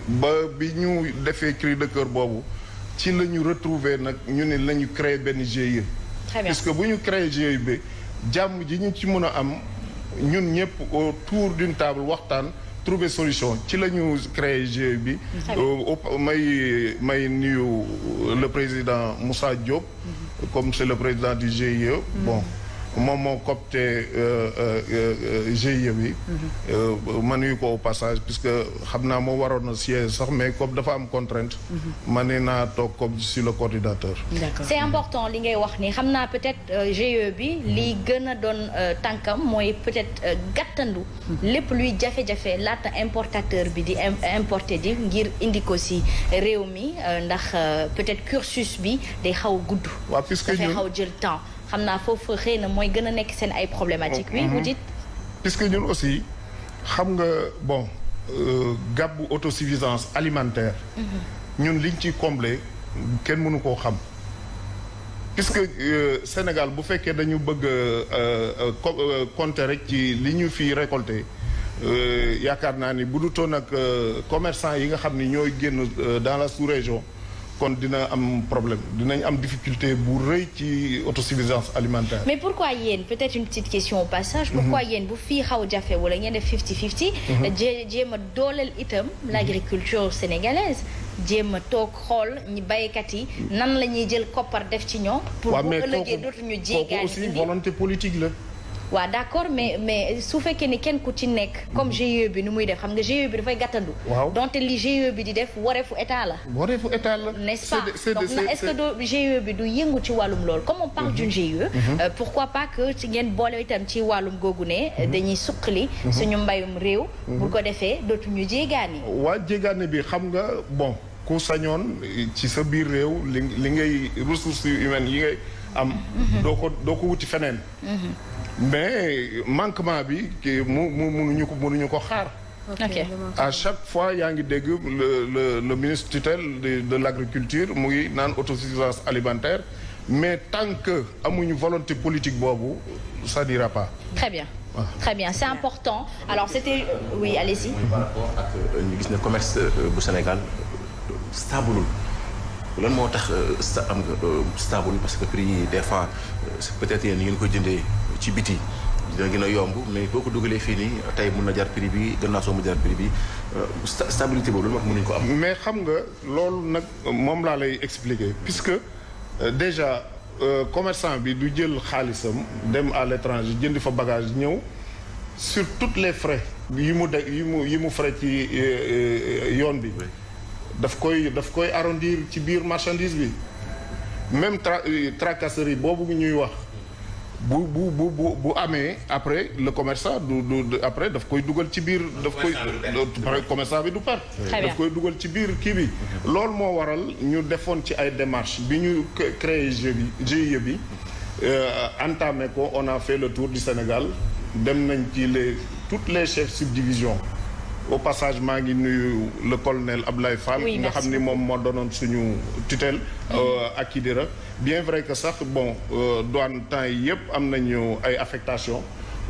ba bi ñu defee cri de cœur boobu ci lañu retrouver nag ñu ne la créer benn GIE. très bien puisque bu ñu créer GIE bi jàmm ji ñu ci mën a am ñun ñëpp autour d'une table waxtaan. trouver solution ci la ñu créé GIE bi. Euh, may may nuyu le président Moussa Diop. Mm-hmm. comme c'est le président du GIE. Mm-hmm. bon. moom moo copté euh, euh, euh, GIE bi. Mhm. ma nuyu ko au passage que xam naa moo waroon na siège sax mais COP dafa am contrainte. Mhm. ma ne naa toog COP sur le coordinateur. d'accord c'est important li ngay wax nii xam naa peut-être GIE bi mhm. li gën a doon tànkam mooy peut-être gàttandu. lépp luy jafe-jafe laata importateur bi di importer di ngir indi ko si réew mi ndax peut-être cursus bi day xaw a gudd. waaw puisque dafay xaw jël temps. xam naa foofu xëy na mooy gën a nekk seen ay problématique oui vous mhm. dites puisque ñun aussi xam nga bon euh, gàbbu autosuffisance alimentaire mhm. ñun liñ ci combler kenn mënu koo xam puisque euh, Sénégal bu fekkee dañu bëgg euh, compter rek ci li ñu fi récolté yaakaar naa ni bu dutoon ak commerçant yi nga xam ni ñooy génn dans la sous-région kon dina am problème dinañ am difficulté bu rëy ci autosuffisance alimentaire. mais pourquoi yéen peut-être une petite question au passage. Mhm. pourquoi yéen bu fii xaw jafe wala ngeen def 50-50. Mhm. Euh, jé jéem a dooleel itam mhm. l'agriculture sénégalaise. jéem a toog xool ñi baykat yi nan la ñuy jël koppar def ci ñoom. pour bu ëllëgee dootuñu jéegaani waaw mais kooku aussi volonté politique la. waaw d'accord mais mais su fekkee ni kenn ku ci nekk. comme mhm. GIE bi nu muy def xam nga GIE bi dafay gàttandu. waaw donte li GIE bi di def wareefu état la. wareefu état la. n'est-ce pas ce que e bi du yëngu ci wàllum lool comme on parle mhm. d'une GIE. Mhm. Euh, pourquoi pas que ci ngeen boole itam ci wàllum googu ne. dañuy suqali. suñu mbayum réew. bu ko defee dootuñu jéegaani. waa jéegaani bi xam nga bon ku sañoon ci sa biir réew li li ngay ressources humaines yi ngay am. doo ko doo ko wuti feneen. mais manquement bi kii mu mu mënuñu ko mënuñu ko xaar. ok à chaque fois yaa ngi dégg le le ministre tutelle de de l' agriculture mu ngi naan autosuffisance alimentaire mais tant que amuñu volonté politique boobu ça n'ira pas. très bien. Ah. très bien c'est important alors c'était oui allez-y. par euh, gis ne commerce euh, bu Sénégal stable lan moo tax euh, am nga stable parce que prix yi des fois peut-être yéen ni ngeen koy jëndee. ci biti dina gën a yomb mais boo ko dugalee fii nii tey mun na jar prix bi gannaaw soo mu jar prix bi euh, stabilité boobu lu wax mënuñ ko am. mais xam nga loolu nag moom laa lay expliquer puisque euh, déjà euh, commerçant bi du jël xaalisam dem à l'étranger jënd fa bagage ñëw sur toutes les frais yi mu degg yi mu yi mu frais ci yoon bi daf koy daf koy arrondir ci biir marchandise bi même tra tracasserie boobu ñuy wax bu bu bu bu bu amee après le commerçant du du après daf koy dugal ci biir daf koy commerçant bi du perte daf koy dugal ci biir kii bi loolu moo waral ñu defoon ci ay démarches bi ñu créé GIE bi GIE bi euh, entamé ko on a fait le tour du Sénégal dem nañ ci le toutes les chefs subdivisions au passage maa ngi nuyu le colonel Abdoulaye Fall nga xam ni moom moo doonoon suñu tutelle euh, ak Kidira bien vrai que sax bon euh, douane temps yi yëpp am nañu ay affectation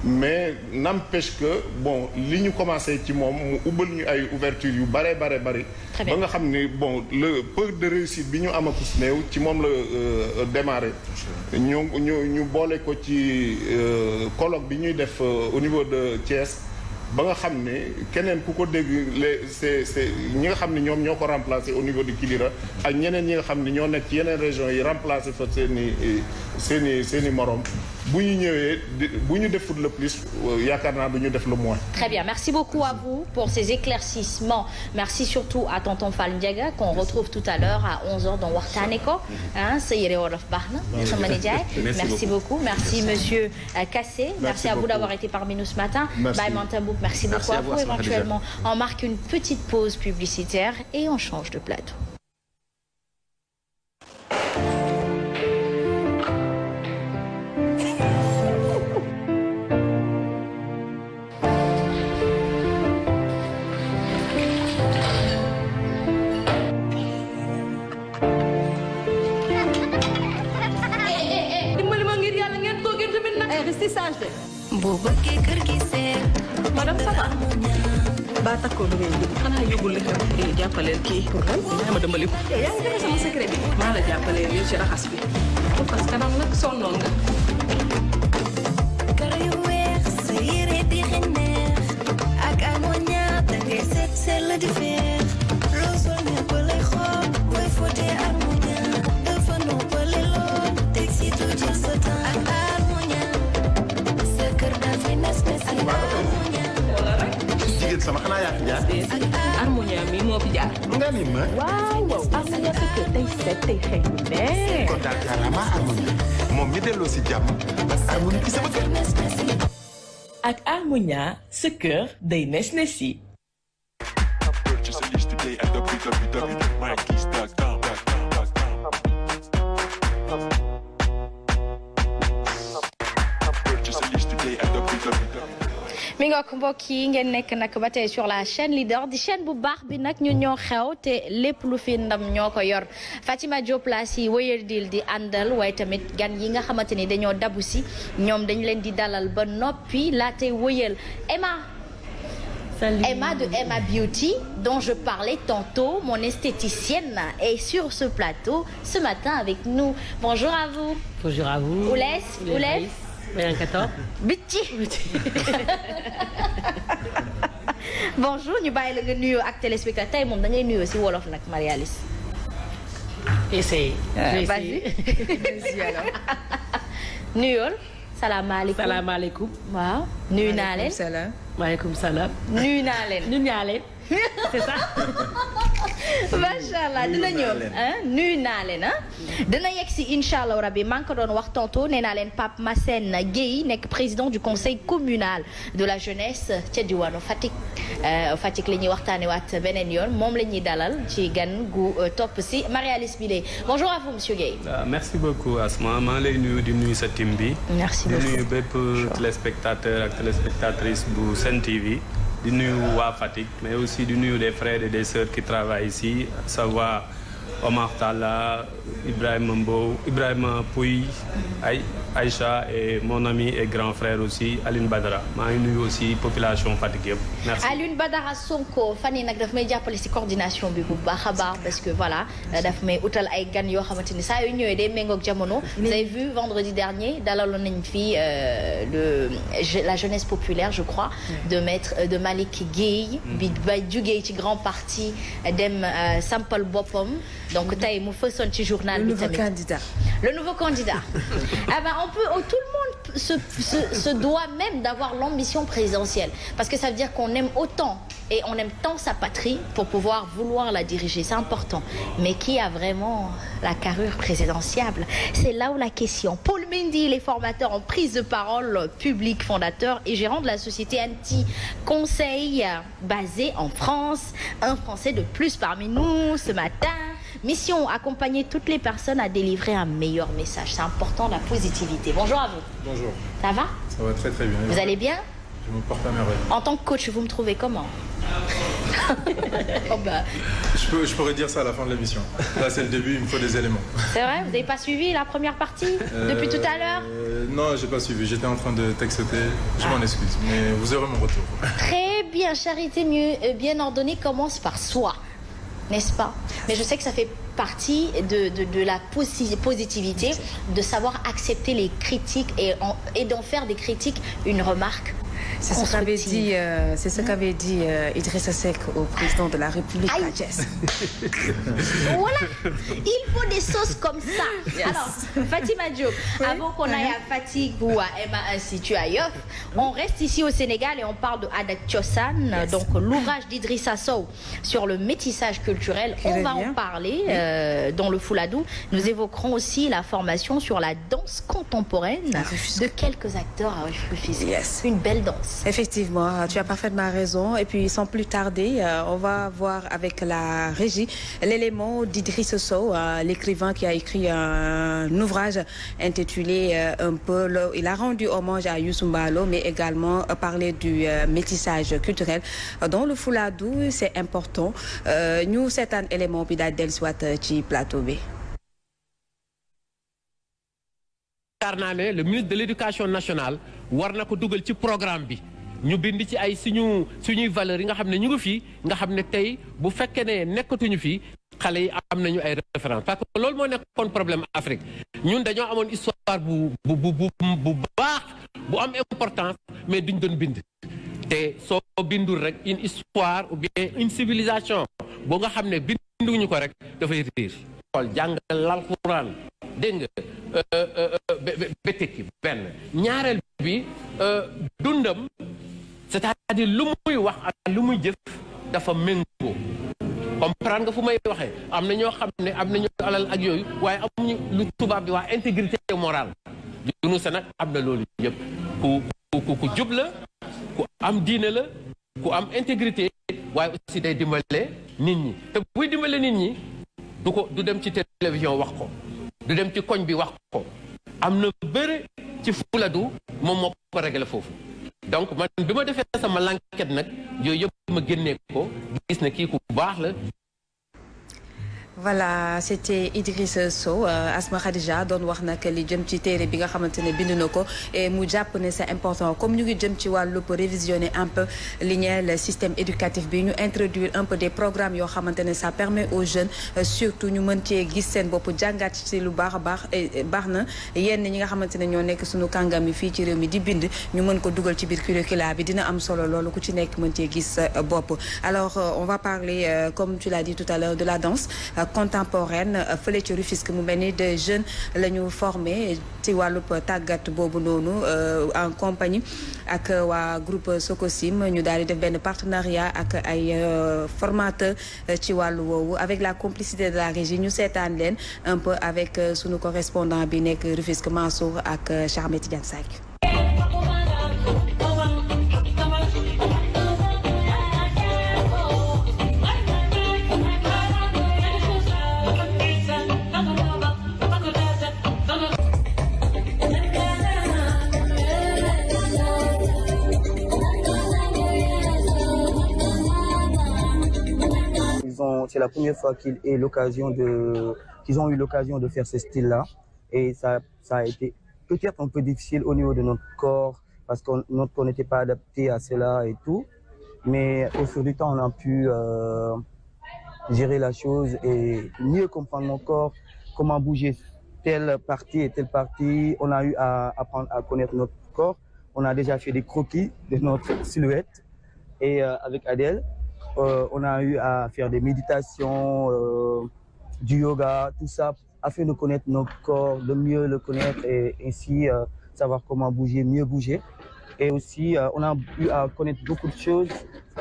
mais n'empêche que bon li ñu commencé ci moom mu ubbal ñu ay ouverture yu bare bare bari ba nga xam ni bon le peu de réussite bi ñu am akus néew ci moom la euh, démarré ñu ñu ñu boole ko ci colloque bi ñuy def au niveau de Thiès ba nga xam ne keneen ku ko dégg le c'est c'est ñi nga xam ni ñoom ñoo ko remplacé au niveau du Kidira ak ñeneen ñi nga xam ne ñoo nekk ci yeneen régions yi remplacé fa seen i seen i seen i morom bu ñu ñëwee bu ñu deful le plus euh, yaakaar ñu def le moins. très bien merci beaucoup à vous pour ces éclaircissements merci surtout à tonton Fall Ndiaga qu'on retrouve tout à l'heure à 11h dans waxtaane ko ah sa na. sama nijaay merci beaucoup merci monsieur euh, Kassé. merci à vous d'avoir été parmi nous ce matin. Baye Manta Mboup merci beaucoup à vous éventuellement on marque une petite pause publicitaire et on change de plateau. si sage de. bu bëggee kër gi seet. madame ça va. baa takkoo bi ngay dugg xanaa yóbbul li xew. eh jàppaleel kii. pour lan yaa ma dëmbali ko. yaa ngi joxe sama secret bi. maa la jàppaleel lii ci raxas bi. parce que kanam nag sonnoon nga. ak amoon ñaar da ngay seet seet la di fee. sama xanaa yaa fi jaar. armonia mi moo ma. waaw waaw armonia sa kër tey set tey xëy na mais. kon daal jaaraama si jàmm parce que armonia ci sama ak armonia sa kër day nes mi nga ko mbokk yi ngeen nekk nag ba tey sur la chaîne leader di chaîne bu baax bi nag ñun ñoo xew te lépp lu fi ndam ñoo ko yor Fatima Diop la si wéyal dil di àndal waaye tamit gan yi nga xamante ni dañoo dabu si ñoom dañ leen di dalal ba noppi laa tey wéyal Emma. Salut. Emma de Emma Beauty dont je parlais tantôt, mon esthéticienne est sur ce plateau ce matin avec nous. Bonjour à vous. Bonjour à vous. Oulès, Oulès. Bianca Bichi bonjour ñu bàyyi la nga nuyoo ak téléspectateur tey moom da ngay nuyoo si wolof nag Marialis. essayé. Eh, vas-y nuyool. salaamaaleykum salaamaaleykum. waaw nuyu naa leen. maaleykum salaam. nuyu naa leen. nuyu naa leen. c'est ça. macha allah dina ñëw nuyu naa leen ah. dina yegg si incha allah rabi maa ngi ko doon wax tantôt nee naa leen Pape Massène Guèye nekk président du conseil communal de la jeunesse ca diwaanu Fatick. Euh, Fatick la ñuy waxtaanee waat beneen yoon moom la ñuy dalal ci gan gu euh, topp si Marie-Alice Bilé bonjour à vous monsieur Guèye. Ah, merci beaucoup Asma maa lay nuyu di nuyu sa team bi. merci beaucoup di nuyu téléspectateur ak téléspectatrice bu Sen TV. di nuyu waa Fatick mais aussi di nuyu des frères et des sœurs qui travaillent ici à savoir Omar Talla Ibrahima Mbow, Ibrahima Pouy, Aïcha et mon ami et grand frère aussi alin Badara maa ngi nuyu aussi population Fatick yëpp merci. Aline Badara Sonko fan yii nag daf may jàppale ci coordination bi bu baax a baax parce que voilà daf may utal ay gan yoo xamante ni saa yu ñëwee day méngoog jamono. vous avez vu vendredi dernier dalaloon nañ fii euh, le la jeunesse populaire je crois. de maître euh, de Malick Guèye. Mm. bi ba jugee ci grand parti dem euh, sampal boppam donc mm. tey mu fësoon ci jour. journal bi le nouveau candidat. Ah tout le monde se doit même d'avoir l'ambition présidentielle parce que ça veut dire qu'on aime autant et on aime tant sa patrie pour pouvoir vouloir la diriger c'est important mais qui a vraiment la carrure présidentiable c'est là où la question Paul Mendy les formateurs en prise de parole publique fondateur et gérant de la société anti conseil basée en Français de plus parmi nous ce matin Mission accompagner toutes les personnes à délivrer un meilleur message. C'est important la positivité. Bonjour à vous. Bonjour. Ça va très très bien. Vous allez bien En tant que coach, vous me trouvez comment oh bah. je, pourrais dire ça à la fin de l'émission. c'est le début, il me des éléments. C'est vrai Vous n'avez pas suivi la première partie euh, depuis tout à l'heure euh, Non, j'ai pas suivi. J'étais en train de texter. Je m'en ah. excuse, mais vous aurez n'est-ce pas Mais je sais que ça fait partie de, de, de la positivité, de savoir accepter les critiques et, et d'en faire des critiques une remarque C'est ce qu'avait dit, euh, euh au président de la République à Thiès. il faut des sauces comme ça. Fatima Diop, avant qu'on aille uh-huh. à Fatigue ou à Emma euh, Institut ailleurs, on reste ici au Sénégal et on parle de donc l'ouvrage d'Idrissa Sow sur le métissage culturel. on va en parler euh, dans le Fouladou. Nous évoquerons aussi la formation sur la danse contemporaine ah, de quelques acteurs à Rufus. Une belle danse. Effectivement, tu as parfaitement raison. Et puis, sans plus tarder, euh, on va voir avec la régie l'élément d'Idriss Sow, euh, l'écrivain qui a écrit un ouvrage intitulé euh, un peu. Le, il a rendu hommage à Youssou Mballo, mais également euh, parlé du euh, métissage culturel. Dans le Fouladou, c'est important. ñu seetaan élément bi daal dellusiwaat ci plateau bi. naa ne le ministre de l'éducation nationale. war na ko dugal ci programme bi ñu bind ci ay suñu suñuy valeurs yi nga xam ne ñu ngi fii nga xam ne tey bu fekkee ne nekkatuñu fii xale yi am nañu ay référence parce que loolu moo nekkoon problème Afrique ñun dañoo amoon histoire bu bu bu bu baax bu am importance mais duñ doon bind te soo bindul rek une histoire ou une civilisation boo nga xam ne binduñu ko rek dafay riir xool jàngal alxuraan dégg nga euh, euh, euh, ba benn ñaareel bi dundam c'est-à-dire lu muy wax ak lu muy jëf dafa méngoo comprendre nga fu may waxee am na ñoo xam ne am na ñu alal ak yooyu waaye amuñu lu tubaab di wax intégrité morale dunu sa nag am na loolu yëpp ku ku ku jub la ku am diine la ku am integrité waaye aussi day dimbale nit ñi te buy dimbale nit ñi du ko du dem ci télévision wax ko du dem ci koñ bi wax ko am na bëre ci fuladu moom moo ko réglé foofu donc man bi ma defee sama lanket nag yooyu yëpp ma génnee ko gis na kii ku baax la voilà c'était Idrissa so euh, Asma Khadija doon wax nag li jëm ci téere bi nga xamante ne bind na ko et mu jàpp ne c'est important comme ñu ngi jëm ci wàllub révisionner un peu li ñeel système éducatif bi ñu introduire un peu des programmes yoo xamante ne ça permet aux jeunes euh, surtout ñu mën cee gis seen bopp jàngaat ci lu baax a baax baax na yenn ñi nga xamante ne ñoo nekk suñu kàngam mi fii ci réew mi di bind ñu mën ko dugal ci biir curricula bi dina am solo loolu ku ci nekk mën cee gis euh, bopp alors on va parler comme tu l'as dit tout à de la danse contemporaine euh, fële ci Rufisque mu mel ni des jeunes la ñu formé ci wàllub tàggat boobu noonu euh, en compagnie ak euh, waa groupe Socosim ñu daal di def benn partenariat ak ay formateurs ci wàllu woowu avec la complicité de la régie ñu seetaan leen un peu avec sunu correspondant bi nekk Rufisque Mansour ak Charmé Tidiane Sack ils ont, c'est la première fois qu'ils aient l'occasion de, qu'ils ont eu l'occasion de faire ce style-là. Et ça, ça a été peut-être un peu difficile au niveau de notre corps parce qu'on n'était pas adapté à cela et tout. Mais au fur du temps, on a pu euh, gérer la chose et mieux comprendre mon corps, comment bouger telle partie et telle partie. On a eu à apprendre à connaître notre corps. On a déjà fait des croquis de notre silhouette et euh, avec Adèle. Euh, on a eu à faire des méditations, euh, du yoga, tout ça, afin de connaître notre corps, de mieux le connaître et ainsi euh, savoir comment bouger, mieux bouger. Et aussi, euh, on a eu à connaître beaucoup de choses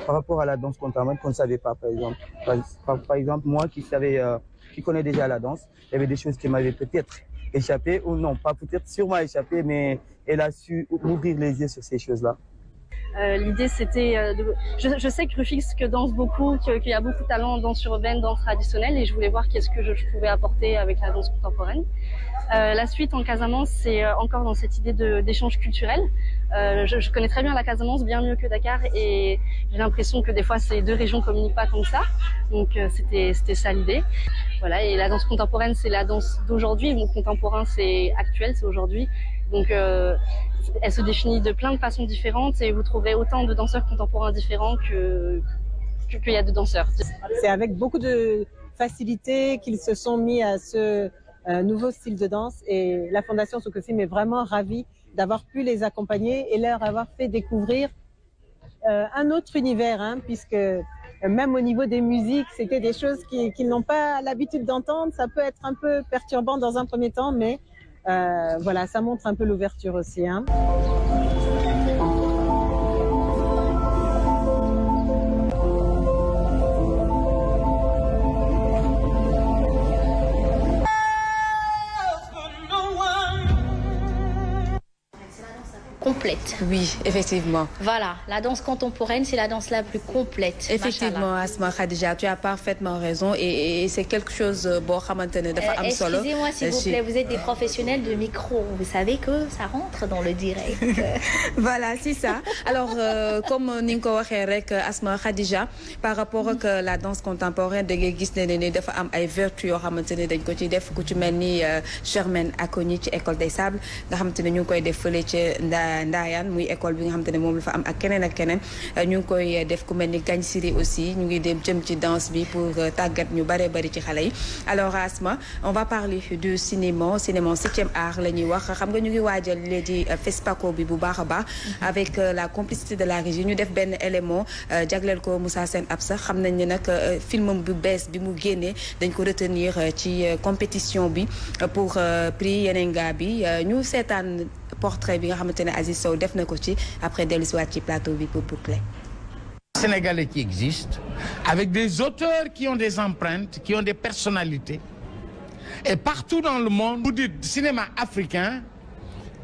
par rapport à la danse contemporaine qu'on ne savait pas, par exemple. Par, par, par exemple, moi qui savais, euh, qui connais déjà la danse, il y avait des choses qui m'avaient peut-être échappé, ou non, pas peut-être, sûrement échappé, mais elle a su ouvrir les yeux sur ces choses-là. Euh, L'idée, c'était, euh, de... je, sais que Rufix que danse beaucoup, qu'il qu y a beaucoup de talent en danse urbaine, danse traditionnelle, et je voulais voir qu'est-ce que je, pouvais apporter avec la danse contemporaine. Euh, la suite en Casamance, c'est euh, encore dans cette idée d'échange culturel. Euh, je, connais très bien la Casamance, bien mieux que Dakar, et j'ai l'impression que ces deux régions communiquent pas comme ça. Donc c'était ça l'idée. et la danse contemporaine, elle se définit de plein de façons différentes et vous trouverez autant de danseurs contemporains différents que qu'il que y a de danseurs. C'est avec beaucoup de facilité qu'ils se sont mis à ce euh, nouveau style de danse et la Fondation Sokosim est vraiment ravie d'avoir pu les accompagner et leur avoir fait découvrir euh, un autre univers, hein, puisque euh, même au niveau des musiques, c'était des choses qu'ils qui n'ont pas l'habitude d'entendre. Ça peut être un peu perturbant dans un premier temps, mais Euh, voilà, ça montre un peu l'ouverture aussi. Hein. complète. Oui, effectivement. Voilà, la danse contemporaine, c'est la danse la plus complète. Effectivement, Asma Khadija, tu as parfaitement raison et, et c'est quelque chose euh, boo xamante ne dafa eh, am solo. Excusez-moi s'il vous plaît, vous êtes des professionnels de micro, vous savez que ça rentre dans le direct. voilà, c'est ça. Alors euh, comme ni nga ko waxee rek Asma Khadija par rapport ak euh, la danse contemporaine da ngay gis ne ne dafa am ay vertus yoo xamante ne dañ ko ci def ku ci mel ni euh, Germaine Acogny ci école des sables nga xamante ne ñu ngi koy def fële ci Ndayane muy école bi nga xamante ne moom la fa am ak keneen ak keneen euh, ñu ngi koy euh, def ku mel ni Gagne Siré aussi ñu ngi jëm ci danse bi pour euh, tàggat ñu bare bari ci xale yi alors Asma on va parler du cinéma cinéma art la ñuy wax xam nga ñu ngi waajal léegi FESPACO bi bu baax a baax mm-hmm. avec la complicité de la régie ñu def benn élément jagleel ko Moussa Sène Absa xam nañ ne nag filmam bu bees bi mu génnee dañ ko retenir ci compétition bi pour prix yeneen bi ñu seetaan portrait bi nga xamante ne Sow def na ko ci après dellusiwaat ci plateau bi pour boucler. qui existent avec des auteurs qui ont des empreintes qui ont des personnalités et partout dans le monde vous dites cinéma africain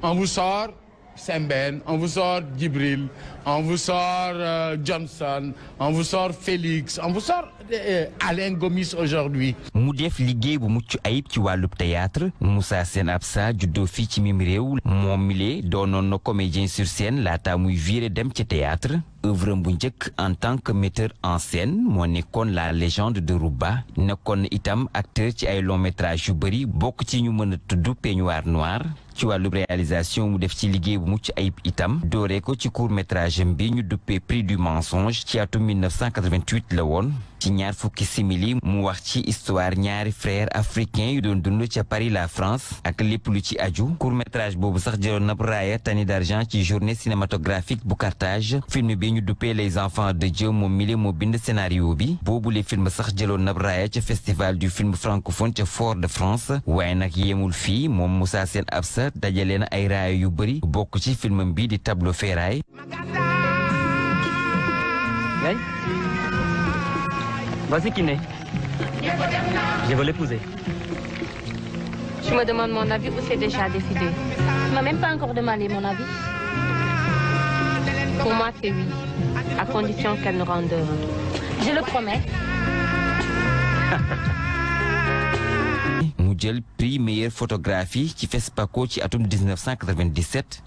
on vous sort Sembène on vous sort Djibril on vous sort euh, Johnson on vous sort Félix on vous sort Euh, Alain Gomis aujourd'hui mu def liggéey bu mucc ayib ci wàllub théâtre Moussa Sène Absa juddoo fii ci mim réew moom mi lee doonoon na comédien sur scène laata muy viré dem ci théâtre œuvre bu njëkk en tant que metteur en scène moo nekkoon la légende de Rouba nekkoon itam acteur ci ay long métrage yu bëri bokk ci ñu mën a tudd peignoir noir ci wàllu réalisation mu def ci liggéey bu mucc ay itam dooree ko ci court métrage bi ñu duppee prix du mensonge ci atum 1988 la woon ci ñaar fukki simili mu wax ci histoire ñaari frère africain yu doon dund ca Paris la France ak lépp lu ci aju court métrage boobu sax jëloon na raaya tani d'argent ci bi ñu duppee les enfants de Dieu moom mile moo bind scénario bi boobule film sax jëloon nab raaya ca festival du film francophone ca Fort de France waaye nag yemul fii moom Moussa Sène Absa dajale na ay raaya yu bëri bokk ci filmam bii di Tableau Ferraille Pour moi, c'est oui, à condition qu'elle nous rende heureux. Je le promets. mu jël prix photographie ci FESPACO ci atum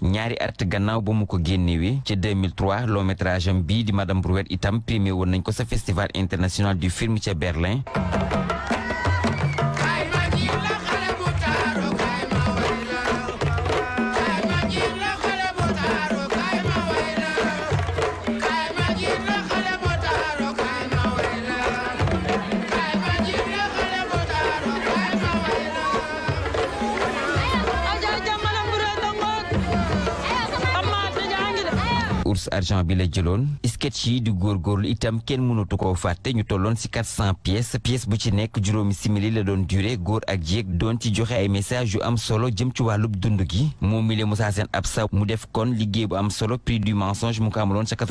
ñaari at gannaaw ba mu ko génnewee ci 2003 long bii di Madame Brouette itam primé woon nañ ko sa festival international du film ca Berlin. argent bi la jëloon sketch yi di góorgóorlu itam kenn mënatu koo fàtte ñu tolloon si 400 pièces pièce bu ci nekk juróomi simili la doon duré góor ak jéeg doon ci joxe ay message yu am solo jëm ci wàllub dund gi moom mi le Moussa Sène Absa mu def kon liggéey bu am solo prix du mensonge mu ko amaloon ca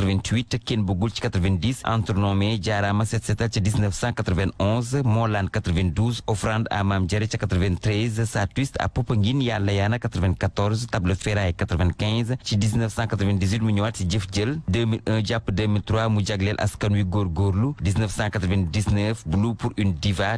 kenn bëggul ci 90 entrenommé jaaraama set setal ca 1991 moolaan 92 offrande Jare ca 93 sa twist à yàlla yaana 94 table ferraille ci 1998 mu ñëwaat si jëf jël jàpp 2003 mu jagleel askan wi góorgóorlu 1999 Blue pour une diva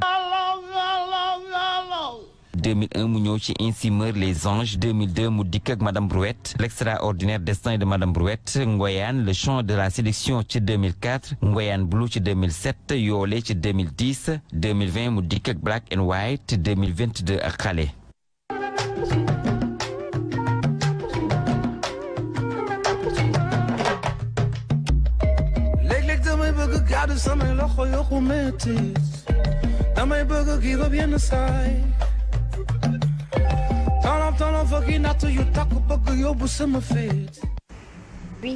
2001 mu ñëw ci Ainsi meurent les anges 2002 mu dikk ak madame Brouette l'extraordinaire destin de madame Brouette Ngoyane le chant de la séduction ci 2004 Ngoyane Blue ci 2007 Yoole ci 2010 2020 mu dikk ak Black and White 2022 ak Xale jël samay loxo yoxu metti damay bëgg gi rëb yenn saay tolof tolof ak i natt yu takk bëgg yóbbu sama féet bi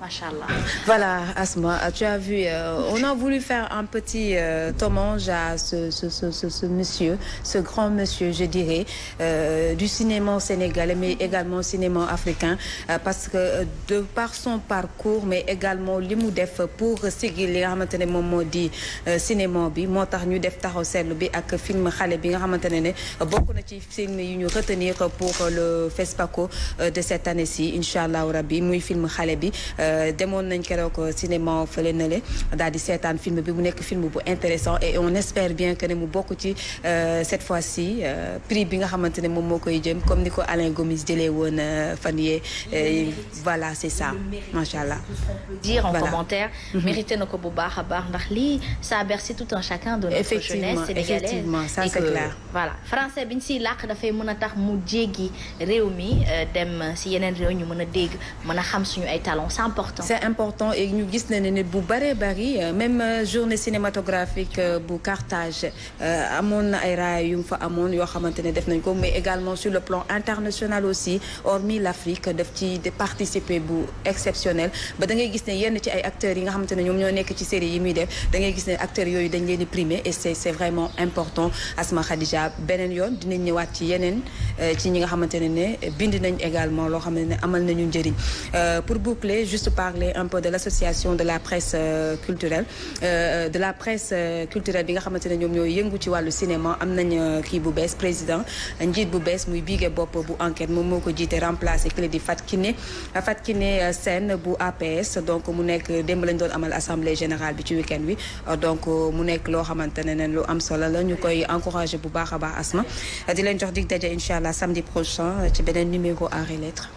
macha allah voilà Asma tu as euh, on a voulu faire un petit euh, hommage à ce ce ce ce monsieur ce grand monsieur je dirais euh, du cinéma sénégalais mais également cinéma africain euh, parce que de par son parcours mais également li mu def pour sigil li nga xamante ne moom moo di cinéma bi moo tax ñu def taxaw seetlu bi ak film xale bi nga xamante ne ne bokk na ci film yu ñu retenir pour le FESPACO de cette année ci incha allah rabbi muy film xale bi. demoon nañ keroog cinéma fële na le daal di seetaan film bi mu nekk film bu intéressant et on espère bien que ne mu bokk ci euh, cette fois-ci euh, prix bi nga xamante ne moom moo koy jëm comme ni ko Alain Gomis jëlee woon euh, fan yee voilà c'est ça macha allah. dire en commentaire. Mhm. mérité na ko bu baax a baax ndax lii ça berce tout un chacun de notre jeunesse sénégalaise effectivement ça c'est clair. voilà français bi ñu siy làkk dafay mën a tax mu jéggi réew mi dem si yeneen réew ñu mën a dégg mën a xam suñu ay talent important. c'est important et ñu gis na ne bu bëree bari même journée cinématographique euh, bu Carthage euh, amoon na ay raaya yu fa amoon yoo xamante ne def nañ ko mais également sur le plan international aussi hormis l'Afrique daf ci participer bu exceptionnel ba da ngay gis ne yenn ci ay acteurs yi nga xamante ne ñoom ñoo nekk ci série yi muy def da ngay gis ne acteurs yooyu dañ leen di primer et c'est c'est vraiment important Asma Khadija beneen yoon dinañ ñëwaat ci yeneen euh, ci ñi nga xamante ne ne bind nañ également loo xam ne amal nañu njëriñ juste parler un peu de l'association de la presse euh, culturelle euh, euh, de nga xamante ne ñoom ñooy yëngu ci wàllu cinéma am nañ kii bu bees président njiit bu bees muy biige bopp bu enquête moom moo ko jiite remplacé kële di Fat Kiné Fat Kiné Sène bu APS donc mu nekk démb lañ doon amal assemblée général bi ci week-end bi donc mu nekk loo xamante ne lu am solo la ñu koy encouragé bu baax a baax asma di leen jox dig daje incha allah samedi prochain ci beneen numéro Arts et Lettres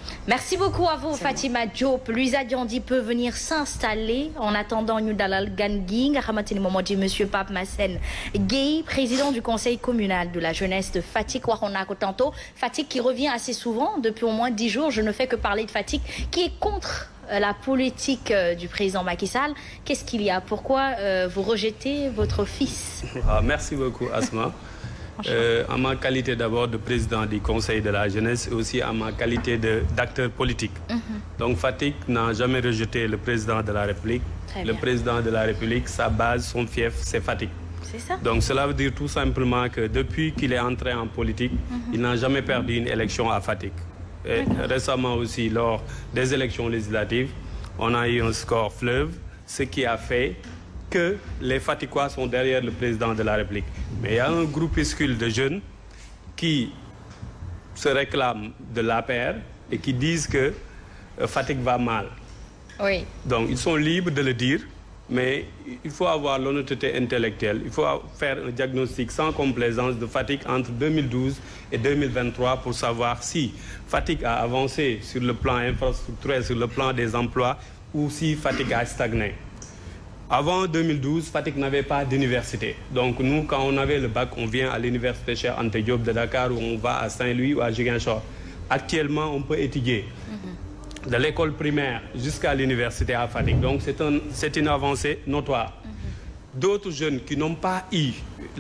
attendu peut venir s'installer en attendant ñu dalal gan gi nga xamante ni moom moo di monsieur Pape Massène Guèye président du conseil communal de la jeunesse de Fatick waxoon naa ko tantôt Fatick qui revient assez souvent depuis au moins dix jours je ne fais que parler de Fatick qui est contre euh, la politique euh, du président Macky Sall qu'est-ce qu'il y a pourquoi euh, vous rejetez votre fils ah, merci beaucoup Asma euh, en ma qualité d'abord de président du conseil de la jeunesse et aussi en ma qualité de d'acteur politique. Mm -hmm. Donc Fatick n'a jamais rejeté le président de la République. Très président de la République, sa base, son fief, c'est Fatick. Donc cela veut dire tout simplement que depuis qu'il est entré en politique, mm -hmm. il n'a jamais perdu une élection à Fatick. Et récemment aussi, lors des élections législatives, on a eu un score fleuve, ce qui a fait que les Fatikois sont derrière le président de la République. Mais il y a de jeunes qui se réclament de l'APR et qui disent que euh, Fatick va mal. Donc ils sont libres de le dire, mais il faut avoir l'honnêteté intellectuelle. faut faire un diagnostic sans complaisance de Fatick entre 2012 et 2023 pour savoir si Fatick a sur le plan infrastructurel, sur le plan des emplois, ou si Fatick a Avant 2012, Fatick n'avait pas d'université. Donc nous, quand on avait le bac, on vient à l'université Cheikh Anta Diop de Dakar ou on va à Saint-Louis ou à Ziguinchor. Actuellement, on peut étudier mm -hmm. de l'école primaire jusqu'à l'université à Fatick. Donc c'est un, c'est une avancée notoire. Mm -hmm. D'autres jeunes qui n'ont pas eu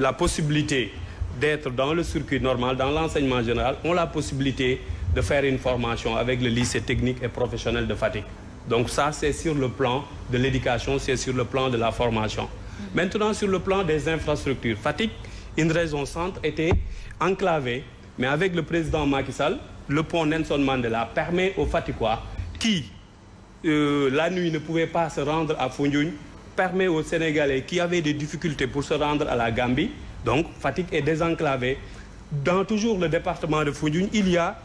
la possibilité d'être dans le circuit normal, dans l'enseignement général, ont la possibilité de faire une formation avec le lycée technique et professionnel de Fatick. donc ça c'est sur le plan de l'éducation c'est sur le plan de la formation maintenant sur le plan des infrastructures Fatick une région centre était enclavée mais avec le président Macky Sall le pont Nelson Mandela permet aux Fatickois qui euh, la nuit ne pouvaient pas se rendre à Foundiougne permet au Sénégalais qui avaient des difficultés pour se rendre à la Gambie donc Fatick est désenclavé dans toujours le département de Foundiougne il y a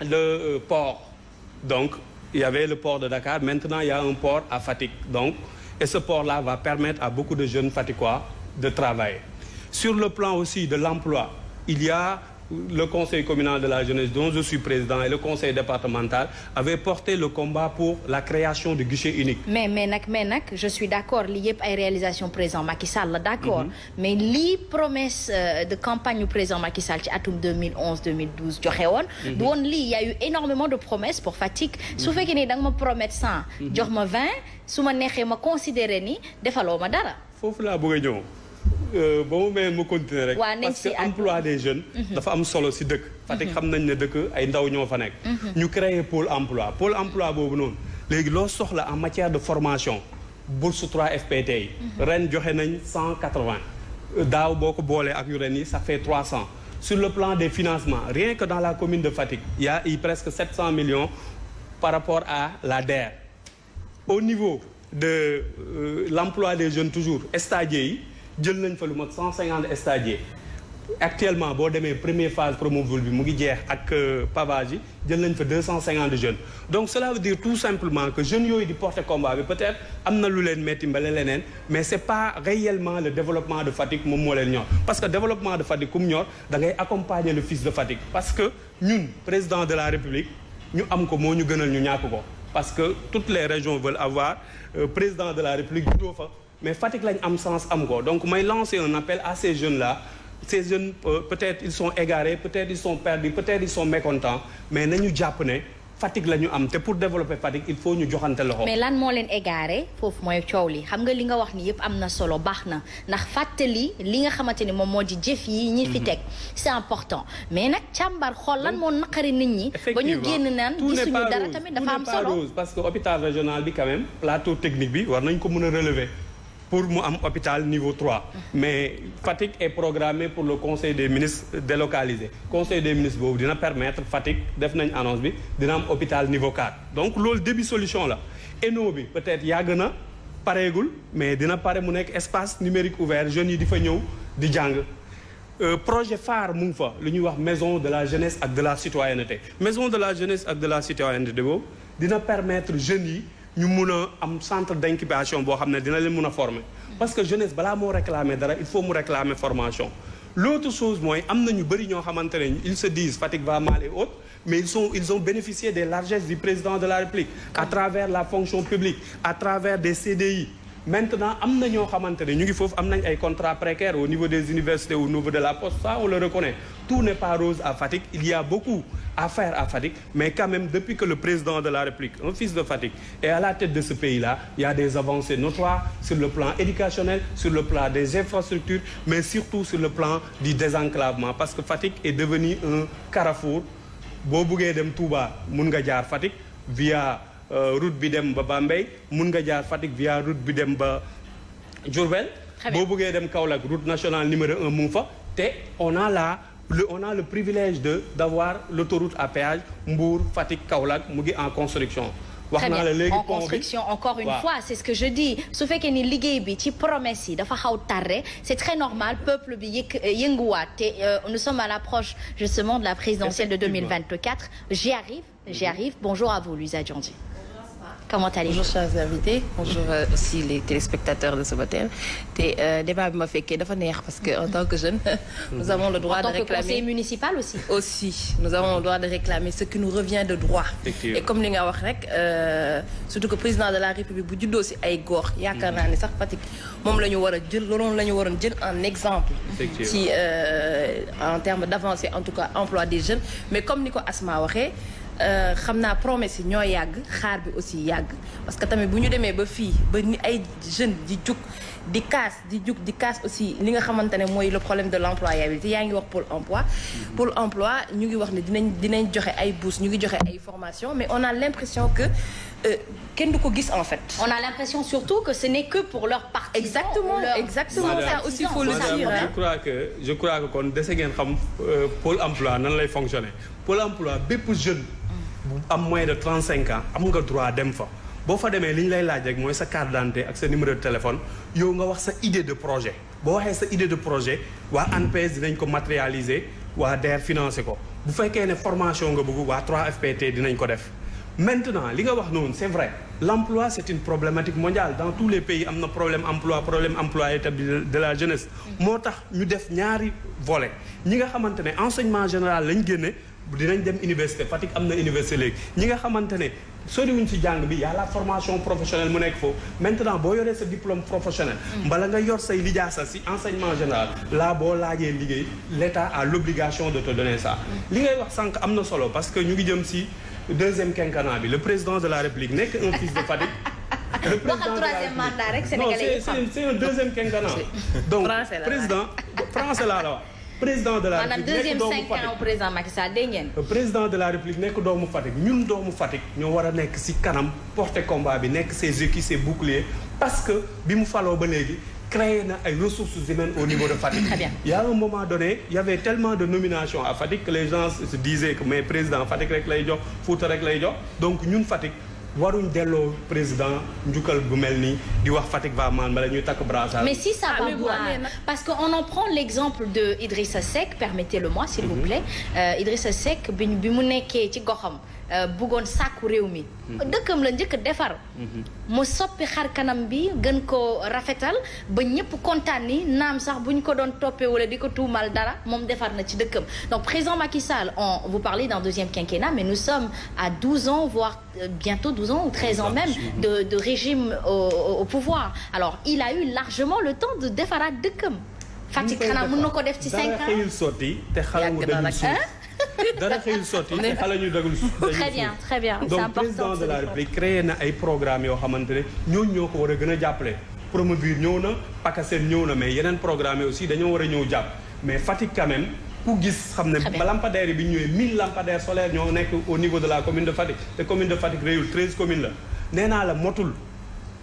le euh, port il y avait le port de Dakar, maintenant il y a un port à Fatick. Donc, et ce port-là va permettre à beaucoup de jeunes Faticois de travailler. Sur le plan aussi de l'emploi, il y a le conseil communal de la jeunesse dont je suis président et le conseil départemental avaient porté le combat pour la création du guichet unique. mais mais nag mais nag je suis d' accord lii yëpp ay réalisation président Macky Sall la d' accord. Mm -hmm. mais lii promesse euh, de campagne yu président Macky Sall ci atum 2011 joxe woon. Mhm. du woon lii y' a eu énormément de promesses pour Fatick. su mhm. fekkee ni da nga ma promettre 100. Mhm. jox ma 20 su ma neexee ma considérer ni defaloo ma dara. foofu laa bëgg a ñëw. Euh, ba mu may ma continuer rek. parce que emploi des jeunes. Mhm. dafa am solo si dëkk. Mhm. Fatick xam nañ ne dëkk ay ndaw ñoo fa nekk. Mhm. ñu créer pôle emploi pôle emploi boobu noonu léegi loo soxla en matière de formation bourse 3FPT yi. ren joxe nañ cent quatre-vingt euh, daaw boo ko boolee ak yu ren yi ça fait trois cent. sur le plan des financements rien que dans la commune de Fatick il y presque sept cent millions par rapport à la DER. au niveau de euh, l'emploi des jeunes toujours stagiaires yi. jël nañ fa lu mat cent cinquante stadiers actuellement boo demee première phase Promovilles bi mu ngi jeex ak euh, pavage yi jël nañ fa deux cent cinquante jeunes donc cela veut dire tout simplement que jeunes yooyu di porter combat bi peut-être am na lu leen metti mbala leneen mais c'est pas réellement le développement de Fatick moom moo leen ñor parce que développement de Fatick kum ñor da ngay accompagner le fils de Fatick parce que ñun président de la République ñu am ko moo ñu gënal ñu ñàkk ko parce que toutes les régions veulent avoir euh, président de la République juddoo mais Fatick lañ am sens am ko donc mooy lancer un appel à ces jeunes là ces jeunes euh, peut-être ils sont égarés peut-être ils sont perdus peut-être ils sont mécontents mais nañu jàpp ne Fatick la ñu am te pour développer Fatick il faut ñu joxante loxo. mais lan moo leen égaré foofu mooy coow li xam nga li nga wax nii yëpp am na solo baax na ndax fàttali li nga xamante ni moom moo di jëf yi ñi fi mhm. teg c'est important mais nag càmbar xool lan moo naqari nit ñi. ba ñu génn naan parce que hôpital régional bi quand même plateau technique bi war nañ ko mën a relever. pour mu am hôpital niveau 3 mais Fatick et programmé pour le conseil des ministre délocalisé conseil des ministres boobu dina permettre Fatick def nañ annonce bi dina am hôpital niveau 4 donc loolu début solution la ENO bi peut-être yàgg na pareegul mais dina pare mu nekk espace numérique ouvert jeunes yi di fa ñëw di jàng euh, projet phare mu ngi fa lu ñuy wax maison de la jeunesse ak de la citoyenneté maison de la jeunesse ak de la citoyenneté boobu dina permettre jeunes yi ñu mun a am centre d' boo xam ne dina leen mun a former parce que jeunesse balaa moo réclamer dara il faut mu réclamer formation l' autre chose mooy am na ñu bëri ñoo xamante ne ils se disent Fatick va mal mais ils sont ils ont bénéficié des largesses du président de la République à travers la fonction publique à travers des CDI maintenant am na ñoo xamante ne ñu ngi foofu am nañ ay contrat précaires au niveau des universités au niveau de la poste ça on le reconnaît tout n'est pas rose à Fatick il y a beaucoup à faire à Fatick mais quand même depuis que le président de la République un fils de Fatick est à la tête de ce pays là y a des avancées notoires sur le plan éducationnel sur le plan des infrastructures mais surtout sur le plan du désenclavement parce que Fatick est d un carrefour boo buggee dem Touba mun nga jaar Fatick via Euh, route bi dem ba Bambey mun nga jaar Fatick via route bi dem ba Diourbel boo bëggee dem Kaolack route nationale numéro un mu ngi fa te on a la le le privilège de d'avoir l'autoroute à péage Mbour Fatick Kaolack mu ngi en construction wax naa la léegi en construction encore une fois c'est ce que je dis su fekkee ni liggéey bi ci promesse yi dafa xaw tarre c'est très normal peuple bi yëg yënguwaat te euh, nous sommes à l'approche justement de la présidentielle de 2024 j'y arrive j'y arrive bonjour à vous comment allez-vous bonjour chers invités bonjour euh, aussi les téléspectateurs de ce matin te euh, débat bi ma fekkee dafa neex parce que en tant que jeune. nous avons le droit de réclamer ce qui nous revient de droit. et comme li nga wax rek euh, surtout que président de la république bu juddoo si ay gox. yaakaar naa ne sax Fatick moom la ñu a jël la ñu waroon jël en exemple. ci en termes d'avancée en tout cas emploi des jeunes mais comme ni ko Asma Euh, xam naa promesse yi ñoo yàgg xaar bi aussi yàgg parce que tamit bu ñu demee ba fii ba ni ay jeunes di jug di kaas di jug di kaas aussi li nga xamante ne mooy le problème de l'employabilité yaa ngi wax pôle emploi mhm. pôle emploi ñu ngi wax ne dinañ dinañ joxe ay bourses ñu ngi joxe ay formations mais on a l'impression que euh, kenn du ko gis en fait. on a l'impression surtout que ce n'est que pour leur partisans. exactement leur exactement crois que je crois que kon dese ngeen xam euh, pôle emploi nan lay fonctionner pôle emploi bépp jeune. bu am moins de trente cinq ans am nga droit dem fa boo fa demee li ñu lay laaj rek mooy sa carte d'identité ak sa numéro de téléphone yow nga wax sa idée de projet boo waxee sa idée de projet waa ANPEJ dinañ ko matérialiser waa DER financé ko bu fekkee ne formation nga bëgg waa 3FPT dinañ ko def maintenant li nga wax noonu c'est vrai l'emploi c'est une problématique mondiale dans tous les pays am na problème emploi problème emploi établi de la jeunesse moo tax ñu def ñaari volet ñi nga xamante ne enseignement général lañ génne dinañ dem université Fatick am na université léegi ñi nga xamante ne soriwuñ ci jàng bi yàlla formation professionnelle mu nekk foofu maintenant boo yoree sa diplôme professionnel mbala mm. nga yor say lijaasa ci enseignement général là boo laajee liggéey l'État a l'obligation de te donner ça mm. li ngay wax sànq am na solo parce que ñu ngi jëm ci deuxième quinquennat bi le président de la République nekk un fils de Fatick le président de la troisième mandat rek laa la wax président de la république nekk doomu Fatick maanaam deuxième cinq ans au président Macky Sall dégg ngeen. doomu Fatick ñun doomu Fatick ñoo war a nekk si kanam porter combat bi nekk ses équipes ses boucliers parce que bi mu faloo ba léegi. créer na ay ressources humaines au niveau de Fatick. il y a un moment donné il y de nomination à Fatick que les gens se mais président Fatick rek lay jox Fouta rek lay jox donc ñun Fatick. waruñ delloo président njukkal bu mel ni di wax Fatick va mal bala ñuy takk brassard. mais si ça ah, va boire parce que on en prend l'exemple de Idrissa Seck permettez-le moi s'il vous mhm. plaît euh, Idrissa Seck bi bi mu nekkee ci goxam. Euh, bëggoon sàkku réew mi. Mhm. dëkkam la njëkk defar. Mhm. mu soppi xar kanam bi gën ko rafetal ba ñëpp kontaan ni naam sax bu ko doon toppee wala di ko tuumal dara moom defar na ci dëkkam donc président Macky Sall on vous parlez d'un deuxième quinquennat mais nous sommes à 12 ans voire euh, bientôt 12 ans ou 13 ans même de de régime au, au pouvoir alors il a eu largement le temps de defaraat dëkkam. Fatick xanaa mën na ko def ci 5 ans. sotti dara xëyul sotti te xale ñu dagul très bien très bien donc important, président de la république créé na ay programmes yoo xamante ne ñooñu ñoo ko war a gën a jàppale Promovilles ñëw na PACASEN ñëw na mais yeneen programme yi aussi dañoo war a ñëw jàpp mais Fatick quand même ku gis xam ne ba lampadaire yi bi ñu ñëwee 1000 lampadaires solaires ñoo nekk au niveau de la commune de Fatick te commune de Fatick réyul 13 communes la nee naa la motul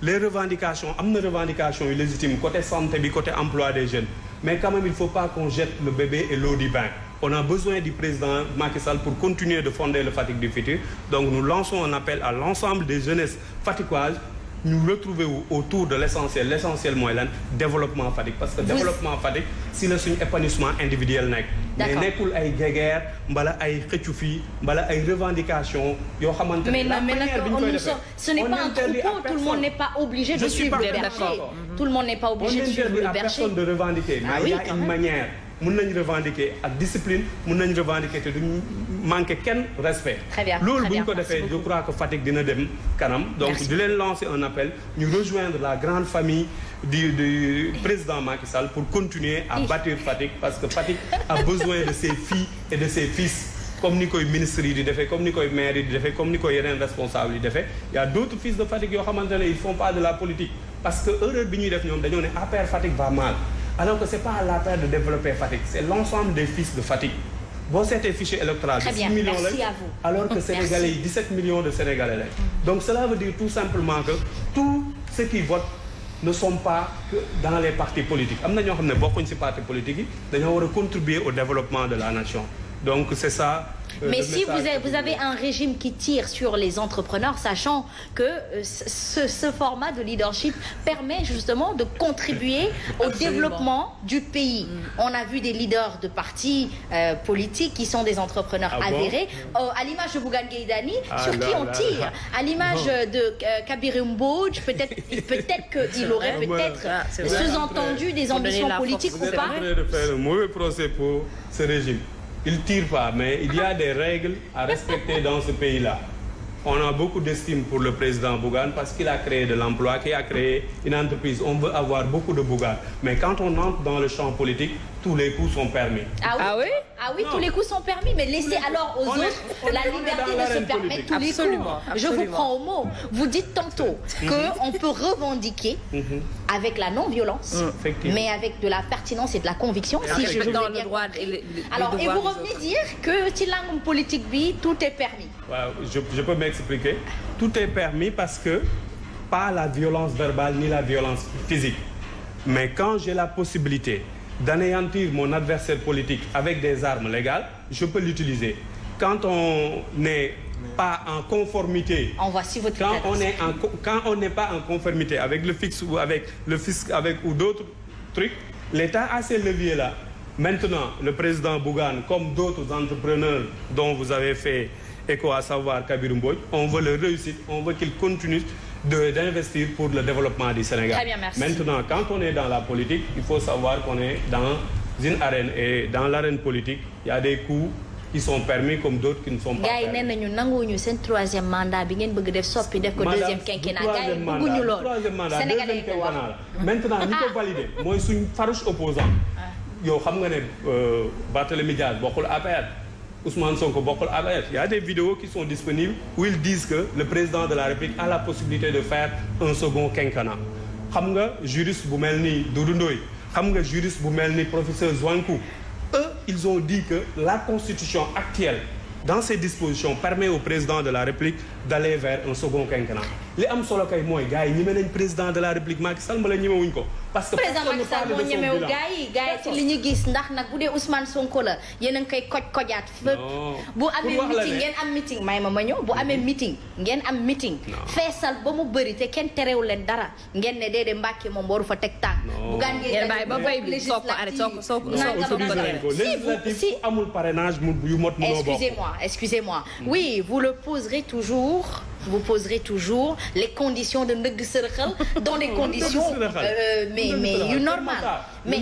les revendications am na revendications yu légitimes côté santé bi côté emploi des jeunes mais quand même il faut pas qu'on jette le bébé et l'eau du bain On a besoin du président Macky Sall pour continuer de fonder le Fatick du futur. Donc nous lançons un appel à l'ensemble des jeunesses fatickoises ñu retrouver autour de l' essentiel l' mooy lan développement Fatick parce que développement Fatick si la suñu épanouissement individuel nekk mais nekkul ay guéguerre mbala ay xëccu fii bala ay revendication yoo xamante ne la manière bi ñu koy defee ce n'est pas un troupeau tout le monde n'est pas obligé de suivre le tout le on n'interdit à personne de mun nañu revendiquer ak discipline mun nañ revendiquer te duñ manquer kenn respect loolu bu ñu ko defee je crois que Fatick dina dem kanam donc di leen lancer un appel ñu rejoindre la grande famille du du président Macky Sall pour continuer à bâtir Fatick parce que Fatick a besoin de ses filles et comme ni koy ministre yi di defee comme ni koy maire di defee comme ni koy yeneen responsable di defee y d'autres fils de Fatick yoo xamante ne ils font pas de la politique bi ñuy def ñoom dañoo ne APR ah, Fatick alors que c'est pas à l'APR de développer Fatick c'est l'ensemble des fils de Fatick boo seetee fichier électoral bi 6 millions lañ alors que de Sénégalais lañ donc cela veut dire tout simplement que tous ceux qui votent ne sont pas dans les partis politiques am na ñoo xam ne bokkuñ ci parti politique yi dañoo war a contribuer au développement de la nation Donc c'est ça. Euh, Mais si vous avez, vous avez, un régime qui tire sur les entrepreneurs, sachant que euh, ce, ce, format de leadership permet justement de contribuer au développement du pays. Mmh. On a vu des leaders de partis euh, politiques qui sont des entrepreneurs ah avérés, bon oh, à l'image de Bougan Gaydani, ah sur là, qui on tire, là, là. à l'image de euh, Kabir Mbouj, peut-être qu'il aurait ah, peut-être ah, sous-entendu des ambitions politiques ou pas. Vous allez un mauvais procès pour ce régime. il tire pas mais il y a des règles à respecter dans ce pays-là on a beaucoup d'estime pour le président Bougane parce qu'il a créé de l'emploi qu'il a créé une entreprise on veut avoir beaucoup de Bougane mais quand on entre dans le champ politique tous les coups sont permis. Ah oui, ah oui, ah oui tous les coups sont permis, mais laissez alors aux on autres est, la liberté de se permettre tous absolument, les coups. Absolument. Je vous prends au mot. Vous dites tantôt mhm. qu'on peut revendiquer mhm. avec la non-violence, mm. mais avec de la pertinence et de la conviction. Si je dans le droit et le, Alors, et vous revenez dire que ci langue politique bi tout est permis. waaw je je peux m'expliquer. tout est permis parce que pas la violence verbale ni la violence physique. mais quand j'ai la possibilité d'anéantir mon adversaire politique avec des armes légales, je peux l'utiliser. Quand on n'est pas en conformité, on voit en, conformité avec le fixe ou avec le fisc avec ou d'autres trucs, l'État a ces leviers là. Maintenant, le président Bougane, comme d'autres entrepreneurs dont vous avez fait écho, à savoir Kabir on veut le réussite, on veut qu'il continue d'investir pour le développement du Sénégal. Très bien, merci. Maintenant, quand on est dans la politique, il faut savoir qu'on est dans une arène. Et dans l'arène politique, il a des coups qui sont permis comme d'autres qui ne sont pas. gars yi nee nañu nanguwuñu seen troisième mandat bi ngeen bëgg def soppi def ko deuxième quinquennat gars yi lool. troisième mandat deuxième quinquennat la maintenant ñi ko ah. validé mooy suñ farouche opposant ah. yow xam nga ne euh, Barthélémy Dias bokkul APR. Ousmane Sonko bokkul ABF il a des vidéos qui sont disponibles où ils disent que le président de la République a la possibilité de faire un second quinquennat xam nga juriste bu mel ni Doudou Ndoye xam nga juriste bu mel ni professeur Zouankou eux ils ont dit que la constitution actuelle dans ces dispositions permet au président de la République d'aller vers un second quinquennat li am solo kay mooy gars yi ñi mel nañ président de la République Macky Sall mbala ko parce que président Macky Sall moo ñemewu gars yi gars yi li ñu gis ndax nag bu dee Ousmane Sonko la yéen a koy koj kojaat bu amee meeting ngeen am meeting may ma ma ñëw bu amee mm-hmm. meeting ngeen am meeting feesal ba mu bëri te kenn terewu leen dara ngeen ne déedéet Mbàkke moom waru fa teg tànk bu gaan ngeen bàyyi ba bay bi soo ko amul parrainage yu mot excusez-moi excusez-moi oui vous le poserez toujours vous poserez toujours les conditions de ndëgg sërxal dans des conditions euh, mais mais yu normal mais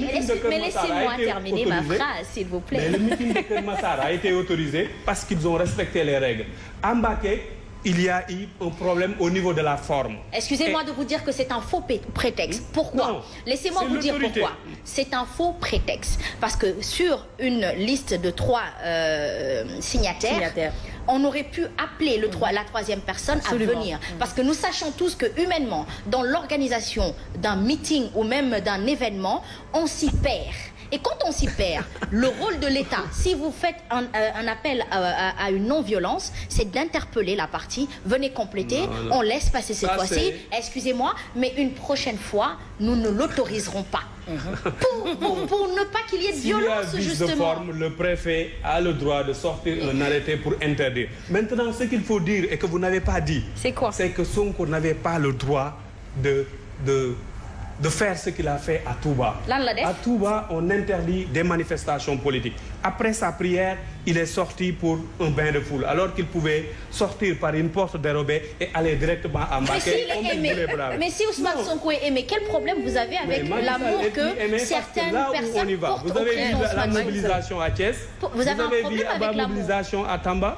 mais laissez-moi terminer ma phrase s'il vous plaît mais le meeting de Keur Massar a été autorisé parce qu'ils ont respecté les règles à Mbacké il y a eu un problème au niveau de la forme. Excusez-moi de vous dire que c'est un faux prétexte. Hmm. Pourquoi Laissez-moi vous dire pourquoi. C'est un faux prétexte. Parce que sur une liste de trois euh, signataires, signataires, on aurait pu appeler le trois, la troisième personne à venir. Hmm. Parce que nous sachons tous que humainement, dans l'organisation d'un meeting ou même d'un événement, on s'y perd. Et quand on s'y perd, le rôle de l'État, si vous faites un, euh, un appel à, euh, à, à une non-violence, c'est d'interpeller la partie. Venez compléter, voilà. on laisse passer cette fois-ci. Excusez-moi, mais une prochaine fois, nous ne l'autoriserons pas. pour, pour, pour, ne pas qu'il y ait de si violence, justement. De forme, le préfet a le droit de sortir un arrêté pour interdire. Maintenant, ce qu'il faut dire et que vous n'avez pas dit, c'est quoi C'est que Sonko n'avait pas le droit de, de de faire ce qu'il a fait à Touba. lan la def à Touba on interdit des manifestations politiques après sa prière il est sorti pour un bain de foule alors qu'il pouvait sortir par une porte dérobée et aller directement à Mbacké. mais si Ousmane Sonko est aimé quel problème vous avez avec l'amour que certaines personnes portent vous avez vu la mobilisation à Thiès. vous avez vu la mobilisation à Tamba.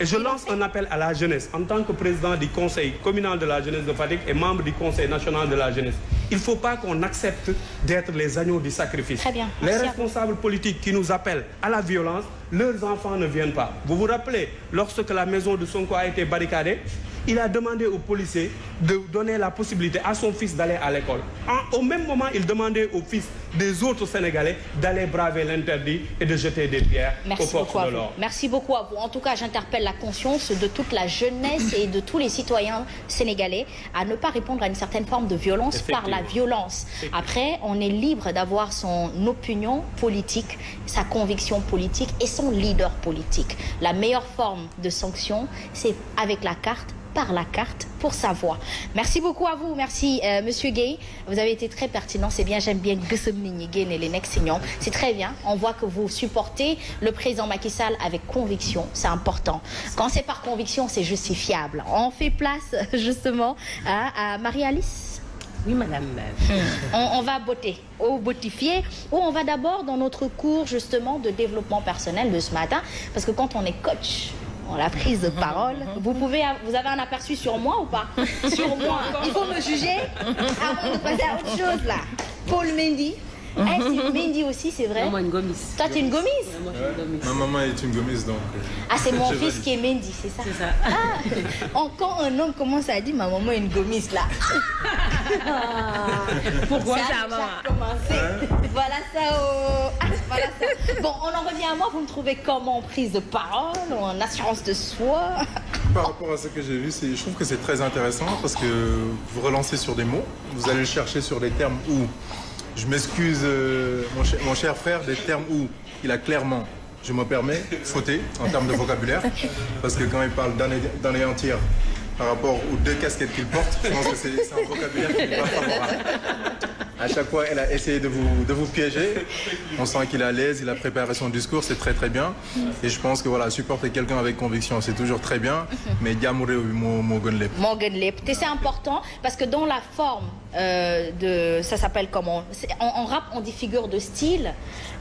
Et je lance un appel à la jeunesse en tant que président du conseil communal de la jeunesse de Fatick et membre du conseil national de la jeunesse. Il ne faut pas qu'on accepte d'être les agneaux du sacrifice. Très bien. Les responsables politiques qui nous appellent à la violence, leurs enfants ne viennent pas. Vous vous rappelez, lorsque la maison de Sonko a été barricadée, il a demandé aux policiers de donner la possibilité à son fils d'aller à l'école. Au même moment, il demandait aux fils des autres Sénégalais d'aller braver l'interdit et de jeter des pierres de En tout cas, j'interpelle la conscience de toute la jeunesse et de tous les citoyens sénégalais à ne pas répondre à une certaine forme de violence par la violence. Après, on est libre d'avoir son opinion politique, sa conviction politique et son leader politique. La meilleure forme par la carte pour sa voix merci beaucoup merci euh, monsieur Guèye vous avez été très pertinent c'est bien j'aime bien gësam nit ñi génne li nekk si ñoom c'est très bien on voit que vous supportez le président Macky Sall avec conviction c'est important quand c'est par conviction c'est justifiable on fait place justement à, à Marie-Alice oui, madame. Mmh. On, on va botter ou botifier ou on va d'abord dans notre cours justement de développement personnel de ce matin parce que quand on est dans la prise de parole. Vous pouvez, vous avez un aperçu sur moi ou pas Sur moi. Il faut me juger avant de passer à autre chose là. Paul Mendy, Ah, c'est Mendy aussi, c'est vrai. Maman, une gommise. Toi, t'es une gomise ouais. Ma maman est une gomise, donc. Euh, ah, c'est mon fils valide. qui est Mendy, c'est ça C'est ça. Ah, on, quand un homme commence à dire ma maman est une gomise, là. Ah, pourquoi ça, ça, ça a commencé. Ouais. Voilà ça, oh. ah, voilà ça. Bon, on en revient à moi. Vous me trouvez comment en prise de parole, en assurance de soi par rapport à ce que j'ai vu, je trouve que c'est très intéressant parce que vous relancez sur des mots, vous allez chercher sur des termes où Je m'excuse, euh, mon, cher, mon, cher frère, des termes où il a clairement, je me permets, fauté en termes de vocabulaire, parce que quand il parle d'année entière par rapport aux deux casquettes qu'il porte, je pense que c'est un vocabulaire qui n'est pas favorable. À chaque fois, elle a essayé de vous, de vous piéger. On sent qu'il est à l'aise, il a préparé son discours, c'est très très bien. Et je pense que voilà, supporter quelqu'un avec conviction, c'est toujours très bien. Mais Diamouré, Morgan Lep. Morgan Lep. Et c'est important parce que dans la forme euh, de. Ça s'appelle comment on, on, rap, on dit figure de style.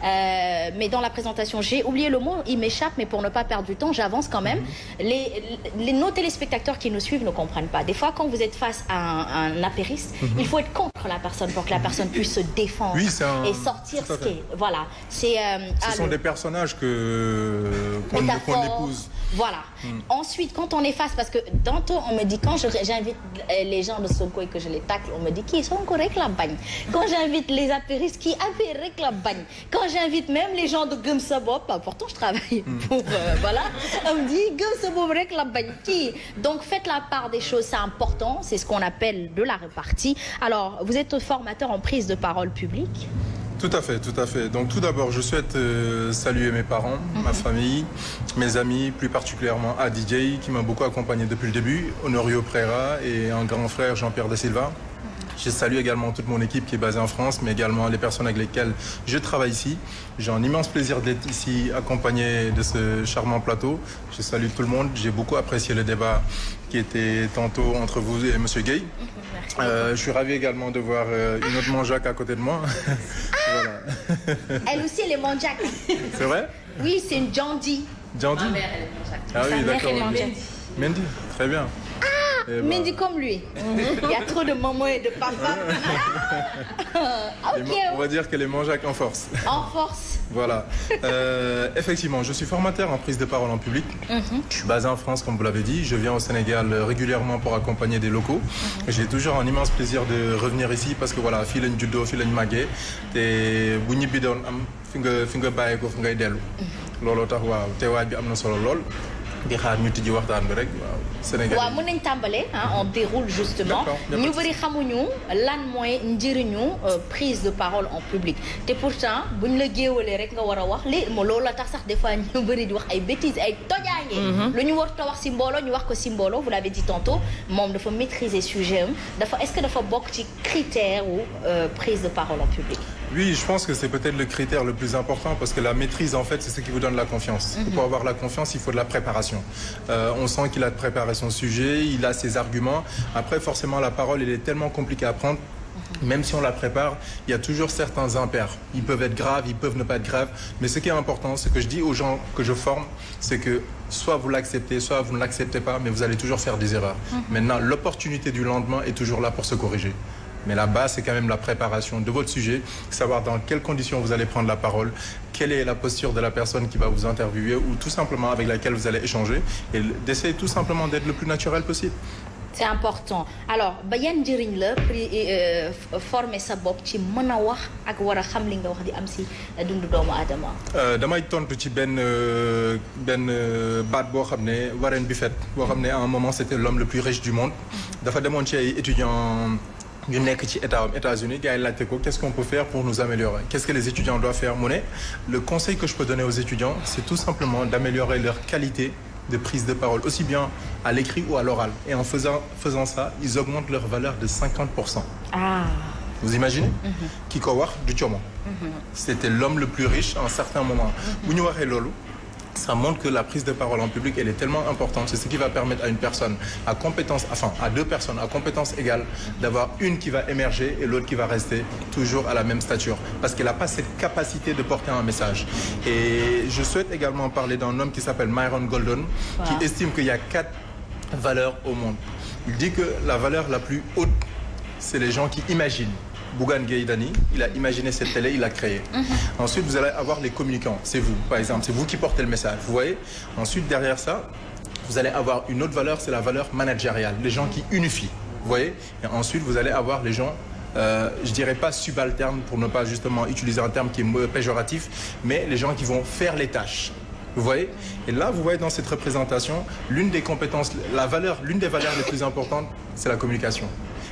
Euh, mais dans la présentation, j'ai oublié le mot, il m'échappe, mais pour ne pas perdre du temps, j'avance quand même. Mm-hmm. Les, les, nos téléspectateurs qui nous suivent ne comprennent pas. Des fois, quand vous êtes face à un, un apériste, mm -hmm. il faut être contre la personne pour que la personne personne puisse se défendre oui, un... et sortir ce qui est. Voilà. C'est, euh, ce sont ah, des personnages que euh, qu'on qu épouse. voilà mm. ensuite quand on est face parce que tantôt on me dit quand je j'invite euh, les gens de Sonko et que je les tacle on me dit kii Sonko rek la bañ quand j'invite les apéristes kii apéristes rek la bañ quand j'invite même les gens de Gëm sa bopp pourtant je travaille hmm. pour euh, voilà on me dit Gëm sa bopp rek la bañ kii donc faites la part des choses c'est important c'est ce qu'on appelle de la répartie alors vous êtes formateur en prise de parole publique Tout à fait, tout à fait. Donc tout d'abord, je souhaite euh, saluer mes parents, mm -hmm. ma famille, mes amis, plus particulièrement à DJ qui m'a beaucoup accompagné depuis le début, Honorio Prera et un grand frère Jean-Pierre De Silva. Mm -hmm. Je salue également toute mon équipe qui est basée en France, mais également les personnes avec lesquelles je travaille ici. J'ai un immense plaisir d'être ici accompagné de ce charmant plateau. Je salue tout le monde. J'ai beaucoup apprécié le débat qui était tantôt entre vous et Monsieur Gay. Euh, je suis ravi également de voir euh, une autre manjaque à côté de moi. Ah! voilà. Elle aussi, elle est manjaque. C'est vrai Oui, c'est une Jandi. Jandi Ma mère, elle est manjaque. Ah oui, d'accord. Mendy. Mendy, très bien. Eh ben... lui. Il y a trop de mamans et de papas. okay. On va dire que les en force. voilà. Euh, effectivement, je suis formateur en prise de parole en public. Mm -hmm. Je suis basé en France, comme vous l'avez dit. Je viens au Sénégal régulièrement pour accompagner des locaux. Mm J'ai toujours un immense plaisir de revenir ici parce que voilà, fii lañ juddoo fii lañ màggee te bu ñibbi doon am fi nga fi nga bàyyi ko fi ngay dellu. Mhm. looloo tax waaw teewaay bi am na solo lool. di xaar ñu tijji waxtaan bi rek waaw. Sénégal waaw mën nañ tàmbale ah on déroule justement ñu bëri xamuñu lan mooy njëriñu euh, prise de parole en public te pour bu ñu la géewalee rek nga war a wax li moo loolu la tax sax des fois ñu bëri di wax ay bêtises ay tojaange mhm. lu ñu warut a wax si mbooloo ñu wax ko si mbooloo vous l'avez dit tantôt moom dafa maîtriser sujet dafa est-ce que dafa bokk ci critère wu euh, prise de parole en public Oui, je pense que c'est peut-être le critère le plus important parce que la maîtrise, en fait, c'est ce qui vous donne la confiance. Mm -hmm. Pour avoir la confiance, il faut de la préparation. Euh, on sent qu'il a préparé son sujet, il a ses arguments. Après, forcément, la parole, elle est tellement compliquée à prendre mhm. même si on la prépare, il y a toujours certains impairs. Ils peuvent être graves, ils peuvent ne pas être graves. Mais ce qui est important, ce que je dis aux Mais la base, c'est quand même la préparation de votre sujet, savoir dans quelles conditions vous allez prendre la parole, quelle est la posture de la personne qui va vous interviewer ou tout simplement avec laquelle vous allez échanger et d'essayer tout simplement d'être le plus naturel possible. c'est important alors ba yan njëriñ la euh, former sa bopp ci mën a wax ak war a xam li nga wax di am si dundu doomu aadama. Euh, damay tontu ci benn euh, benn baat boo xam ne Warren Buffett boo xam ne à un moment c'était l'homme le plus riche du monde. Mm-hmm. dafa demoon ci ay étudiants. ñu nekk ci état am États-Unis gars yi laajte ko qu'est-ce qu'on peut faire pour nous améliorer qu'est-ce que les étudiants doivent faire mu ne le conseil que je peux donner aux étudiants c'est tout simplement d'améliorer leur qualité de prise de parole aussi bien à l'écrit ou à l'oral et en faisant faisant ça ils augmentent leur valeur de 50 pour cent ah. vous imaginez mm-hmm. ki ko wax du coomo mm-hmm. c'était l'homme le plus riche à un certain moment mm-hmm. bu ñu waxee loolu ça montre que la prise de parole en public, elle est tellement importante. C'est ce qui va permettre à une personne à compétence, enfin à deux personnes à compétence égale, d'avoir une qui va émerger et l'autre qui va rester toujours à la même stature. Parce qu'elle n'a pas cette capacité de porter un message. Et je souhaite également parler d'un homme qui s'appelle Myron Golden, wow. qui estime qu'il y a quatre valeurs au monde. Il dit que la valeur la plus haute, c'est les gens qui imaginent. Bougane Gueye il a imaginé cette télé, il l'a créée. Mmh. Ensuite, vous allez avoir les communicants. C'est vous, par exemple. C'est vous qui portez le message. Vous voyez Ensuite, derrière ça, vous allez avoir une autre valeur, c'est la valeur managériale. Les gens qui unifient. Vous voyez Et ensuite, vous avoir les gens euh, qui est péjoratif, mais les gens qui vont faire les tâches. l'une des valeurs les plus importantes, c'est la communication.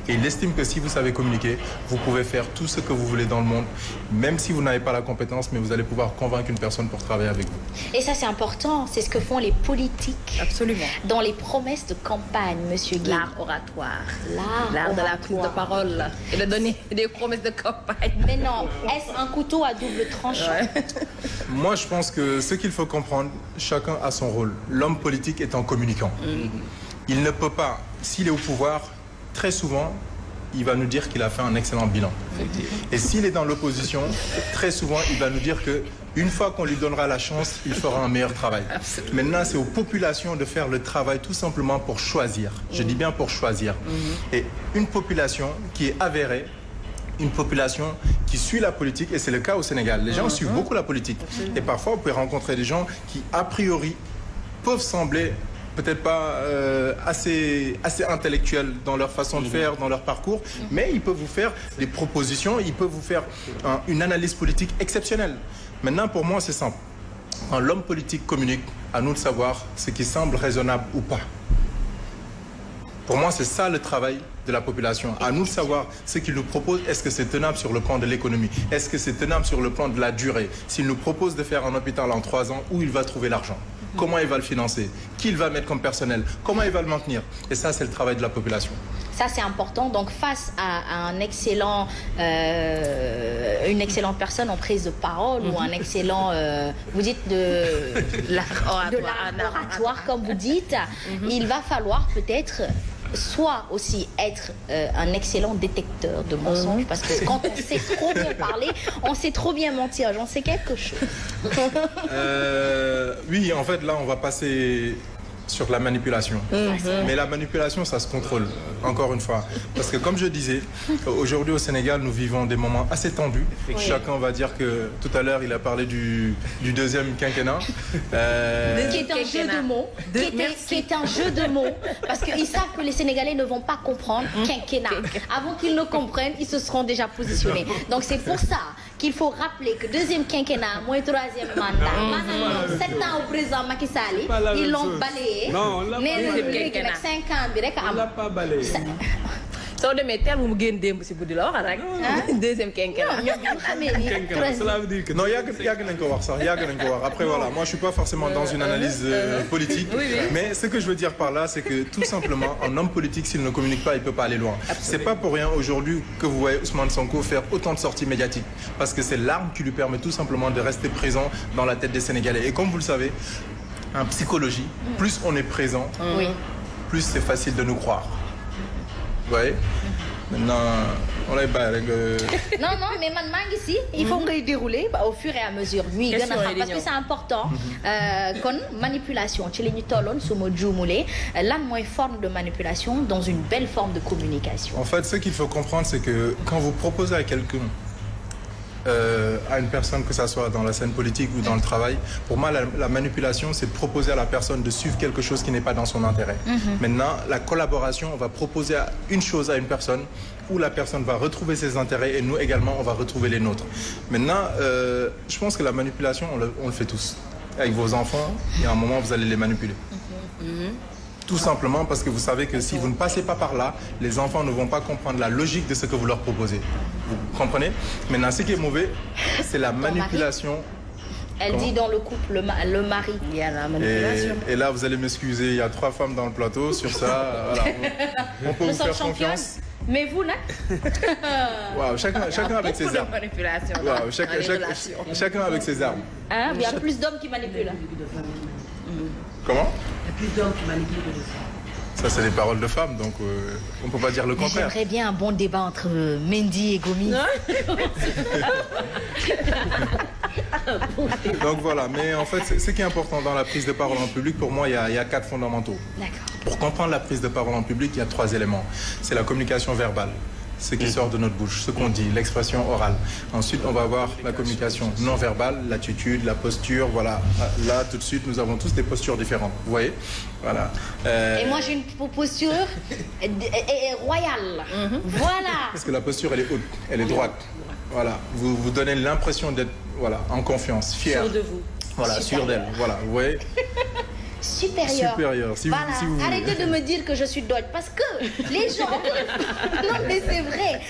Et il estime que si vous savez communiquer, vous pouvez faire tout ce que vous voulez dans le monde, même si vous n'avez pas la compétence, mais vous allez pouvoir convaincre une personne pour travailler avec vous. Et ça, c'est important. C'est ce que font les politiques. Absolument. Dans les promesses de campagne, Monsieur Guy. L'art oratoire. L'art de la prise de parole et de donner des promesses de campagne. Mais non, est-ce un couteau à double tranchant ouais. Moi, je pense que ce qu'il faut comprendre, chacun a son rôle. L'homme politique est un communicant. Mm. Il ne peut pas, s'il est au pouvoir, très souvent, il va nous dire qu'il a fait un excellent bilan. Et s'il est dans l'opposition, très souvent, il va nous dire que une fois qu'on lui donnera la chance, il fera un meilleur travail. Absolument. Maintenant, c'est aux populations de faire le travail tout simplement pour choisir. Je dis bien pour choisir. Mm -hmm. Et une population qui est avérée, une population qui suit la politique, et c'est le cas au Sénégal. Les gens mm -hmm. suivent beaucoup la politique. Absolument. Et parfois, vous pouvez rencontrer des gens qui, a priori, peuvent sembler peut-être pas euh, assez, assez intellectuels dans leur façon de mmh. faire, dans leur parcours, mais il peut vous faire des propositions, il peut vous faire une analyse politique exceptionnelle. Maintenant, pour moi, c'est simple. Quand l'homme politique communique, à nous de savoir ce qui semble raisonnable ou pas. Pour moi, c'est ça le travail de la population. À nous ce que c'est tenable sur le plan de l'économie Est-ce que c'est tenable sur le plan de la durée S'ils nous proposent de faire un hôpital en trois ans, où il va comment il va le financer, qui il va mettre comme personnel, comment il va le maintenir. Et ça, c'est le travail de la population. Ça, c'est important. Donc, face à, à un excellent, euh, une excellente personne en prise de parole mm -hmm. ou un mhm. excellent, euh, vous dites, de, de l'oratoire, comme vous dites, mm -hmm. il va falloir peut-être soit aussi être euh, un excellent détecteur de mensonges, mmh. parce que quand on sait trop bien parler, on sait trop bien mentir, j'en sais quelque chose. euh, oui, en fait, là, on va passer sur la manipulation. Mmh. Mais la manipulation, ça se contrôle, encore une fois. Parce que comme je disais, aujourd'hui au Sénégal, nous vivons des moments assez tendus. Oui. Chacun va dire que tout à l'heure, il a parlé du, du deuxième quinquennat. Euh... Qui est un quinquennat. jeu de mots. De... Qui, est, qui, est, un jeu de mots. Parce qu'ils savent que les Sénégalais ne vont pas comprendre quinquennat. Avant qu'ils ne comprennent, ils se seront déjà positionnés. Donc c'est pour ça qu'il faut rappeler que deuxième quinquennat mooy troisième mandat. maanaam ñoom sept ans au président Macky Sall yi. ils l'ont balayé. non on l'a pas balayé. mais léegi nag cinq ans bi rek am. on l'a pas balayé. soo demee terme mu génn démb si guddi la waxal rek. Ah. deuxième quinquennat. que non yàgg yàgg nañ après voilà je suis pas forcément dans une analyse euh, euh, euh, politique. mais ce que je veux dire par là c'est que tout simplement un homme politique s'il ne communique pas il peut pas aller loin. c'est pas pour rien aujourd'hui que vous voyez Ousmane Sonko faire autant de sorties médiatiques parce que c'est l'arme qui lui permet tout simplement de rester présent dans la tête des Sénégalais et comme waaye maintenant on lay bàyyi non non mais man maa ngi si. il faut ngay mhm. dérouler au fur et à mesure. ñuy gën a xam parce que c'est important. Mhm. Euh, kon manipulation ci li ñu tolloon su ma juumulee lan mooy forme de manipulation dans une belle forme de communication. en fait ce qu'il faut comprendre c'est que vous proposez à quelqu'un euh, à une personne, que ce soit dans la scène politique ou dans le travail. Pour moi, la, la manipulation, c'est proposer à la personne de suivre quelque chose qui n'est pas dans son intérêt. Mm -hmm. Maintenant, la collaboration, on va proposer une chose à une personne où la personne va retrouver ses intérêts et nous également, on va retrouver les nôtres. Maintenant, euh, je pense que la manipulation, on le, on le, fait tous. Avec vos enfants, il y a un moment, vous allez les manipuler. Mm -hmm. Tout simplement parce que vous savez que si vous ne passez pas par là, les enfants ne vont pas comprendre la logique de ce que vous leur proposez. Vous comprenez Maintenant, ce qui est mauvais, c'est la manipulation. Elle dit dans le couple, le, mari. Il a la manipulation. Et, là, vous allez m'excuser, il y a trois femmes dans le plateau. Sur ça, euh, vous faire chacun, avec ses armes. Hein? il y plus d'hommes qui manipulent. Comment plus d'hommes qui manipulent que c'est des paroles de femmes, donc euh, on ne peut pas dire le contraire. J'aimerais bien un bon débat entre euh, Mendy et Gomi. donc voilà, mais en fait, ce qui est important dans la prise de parole en public, pour moi, il y il y a quatre fondamentaux. Pour comprendre la prise de parole en public, il y a trois éléments. C'est la communication verbale. ce qui sort de notre bouche, ce qu'on dit, l'expression orale. Ensuite, on va voir la communication non verbale, l'attitude, la posture. Voilà. Là, tout de suite, nous avons tous des postures différentes. Vous voyez Voilà. Euh, et moi, j'ai une posture royale. Mhm. Voilà. Parce que la posture, elle est haute, elle est droite. Vous donnez l'impression d'être en confiance, fier. Sûr de vous. Voilà. Vous voyez supérieur. Supérieur, si, voilà. vous, si vous voulez. Arrêtez de me dire que je suis Dodge parce que les gens. non, mais c'est vrai.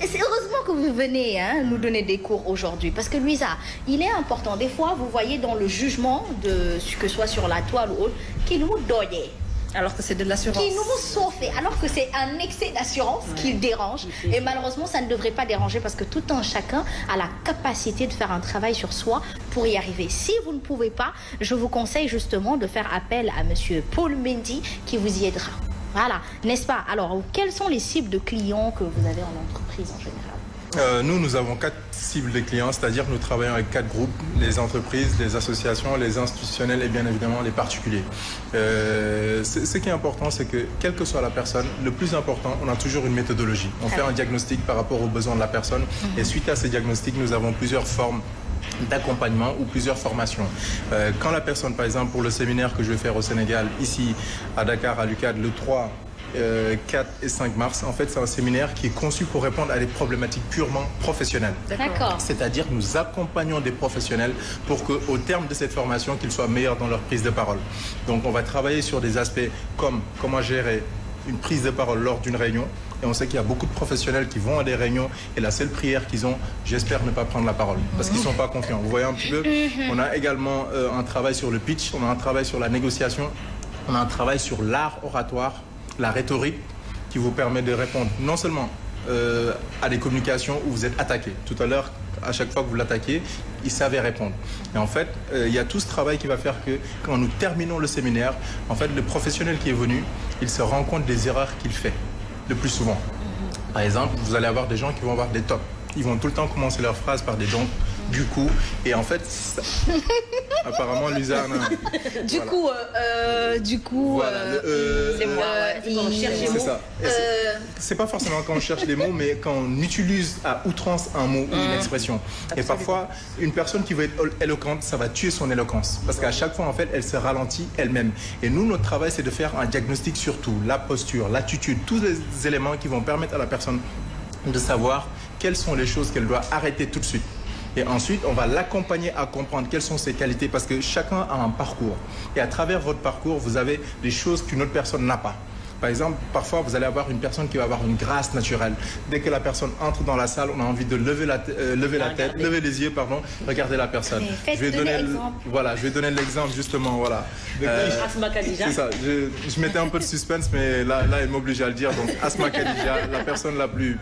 C'est heureusement que vous venez hein, nous donner des cours aujourd'hui parce que Luisa, il est important. Des fois, vous voyez dans le jugement de ce que soit sur la toile ou autre, qu'il nous donnait. Alors que c'est de l'assurance. Qui nous sont faits, alors que c'est un excès d'assurance ouais. qui dérange. Et malheureusement, ça ne devrait pas déranger parce que tout un chacun a la capacité de faire un travail sur soi pour y arriver. Si vous ne pouvez pas, je vous conseille justement de faire appel à monsieur Paul Mendy qui vous y aidera. Voilà, n'est-ce pas Alors, quelles sont les cibles de clients que vous avez en entreprise en général Euh, nous, nous avons quatre cibles de clients, c'est-à-dire nous travaillons avec quatre groupes, les entreprises, les associations, les institutionnels et bien évidemment les particuliers. Euh, ce qui est important, c'est que quelle que soit la personne, le plus important, on a toujours une méthodologie. On fait un par rapport aux besoins de la personne mhm. et suite à ces diagnostics, nous avons plusieurs formes d'accompagnement ou plusieurs formations. Euh, le séminaire que je vais faire au à Dakar, à l'UCAD, euh, 4 et 5 mars. En fait, c'est un séminaire qui est conçu pour répondre à des problématiques purement professionnelles. C'est-à-dire nous accompagnons des professionnels pour qu'au terme de cette formation, qu'ils soient meilleurs dans leur prise de parole. Donc on va travailler sur des aspects comment gérer une prise de parole lors d'une réunion. Et on sait qu'il y a beaucoup de professionnels qui vont à des réunions et la seule prière qu'ils ont, j'espère la parole la rhétorique qui vous permet de répondre non seulement euh, à des communications où vous êtes attaqué. Tout à l'heure, à chaque fois que vous l'attaquez, il savait répondre. Et en fait, euh, il y a tout ce travail qui va faire que quand nous terminons le séminaire, en fait, le professionnel qui est venu, il se rend compte des erreurs qu'il fait le plus souvent. Par exemple, vous allez avoir des gens qui vont avoir des tops. Ils vont tout le temps commencer leur phrase par des dons du coup. Et en fait, ça... apparemment, Luzarne. Du voilà. coup, euh, euh, du coup. Voilà, euh, euh c'est moi, ouais, euh, quand on cherche les mots. C'est pas forcément quand on cherche les mots, mais quand on utilise à outrance un mot ou mmh. une expression. Absolument. Et parfois, une personne qui veut être éloquente, ça va tuer son éloquence. Parce qu'à chaque fois, en fait, elle se ralentit elle-même. Et nous, notre travail, c'est de faire un diagnostic sur tout la posture, l'attitude, tous les éléments qui vont permettre à la personne de savoir quelles sont les choses qu'elle doit arrêter tout de suite Et ensuite, on va l'accompagner à comprendre quelles sont ses qualités parce que chacun a un parcours. Et à travers votre parcours, vous avez des choses qu'une autre personne n'a pas. Par exemple, parfois, vous allez avoir une personne qui va avoir une grâce naturelle. Dès que la personne entre dans la salle, on a envie de lever la, euh, lever la tête, lever les yeux, pardon, regarder la personne. Je vais, donner l... voilà, je vais donner l'exemple, justement. Voilà. Euh, c'est ça. Je, je, mettais un peu de suspense, mais là, là elle m'oblige à le dire. Donc, Asma Khadija, la personne la plus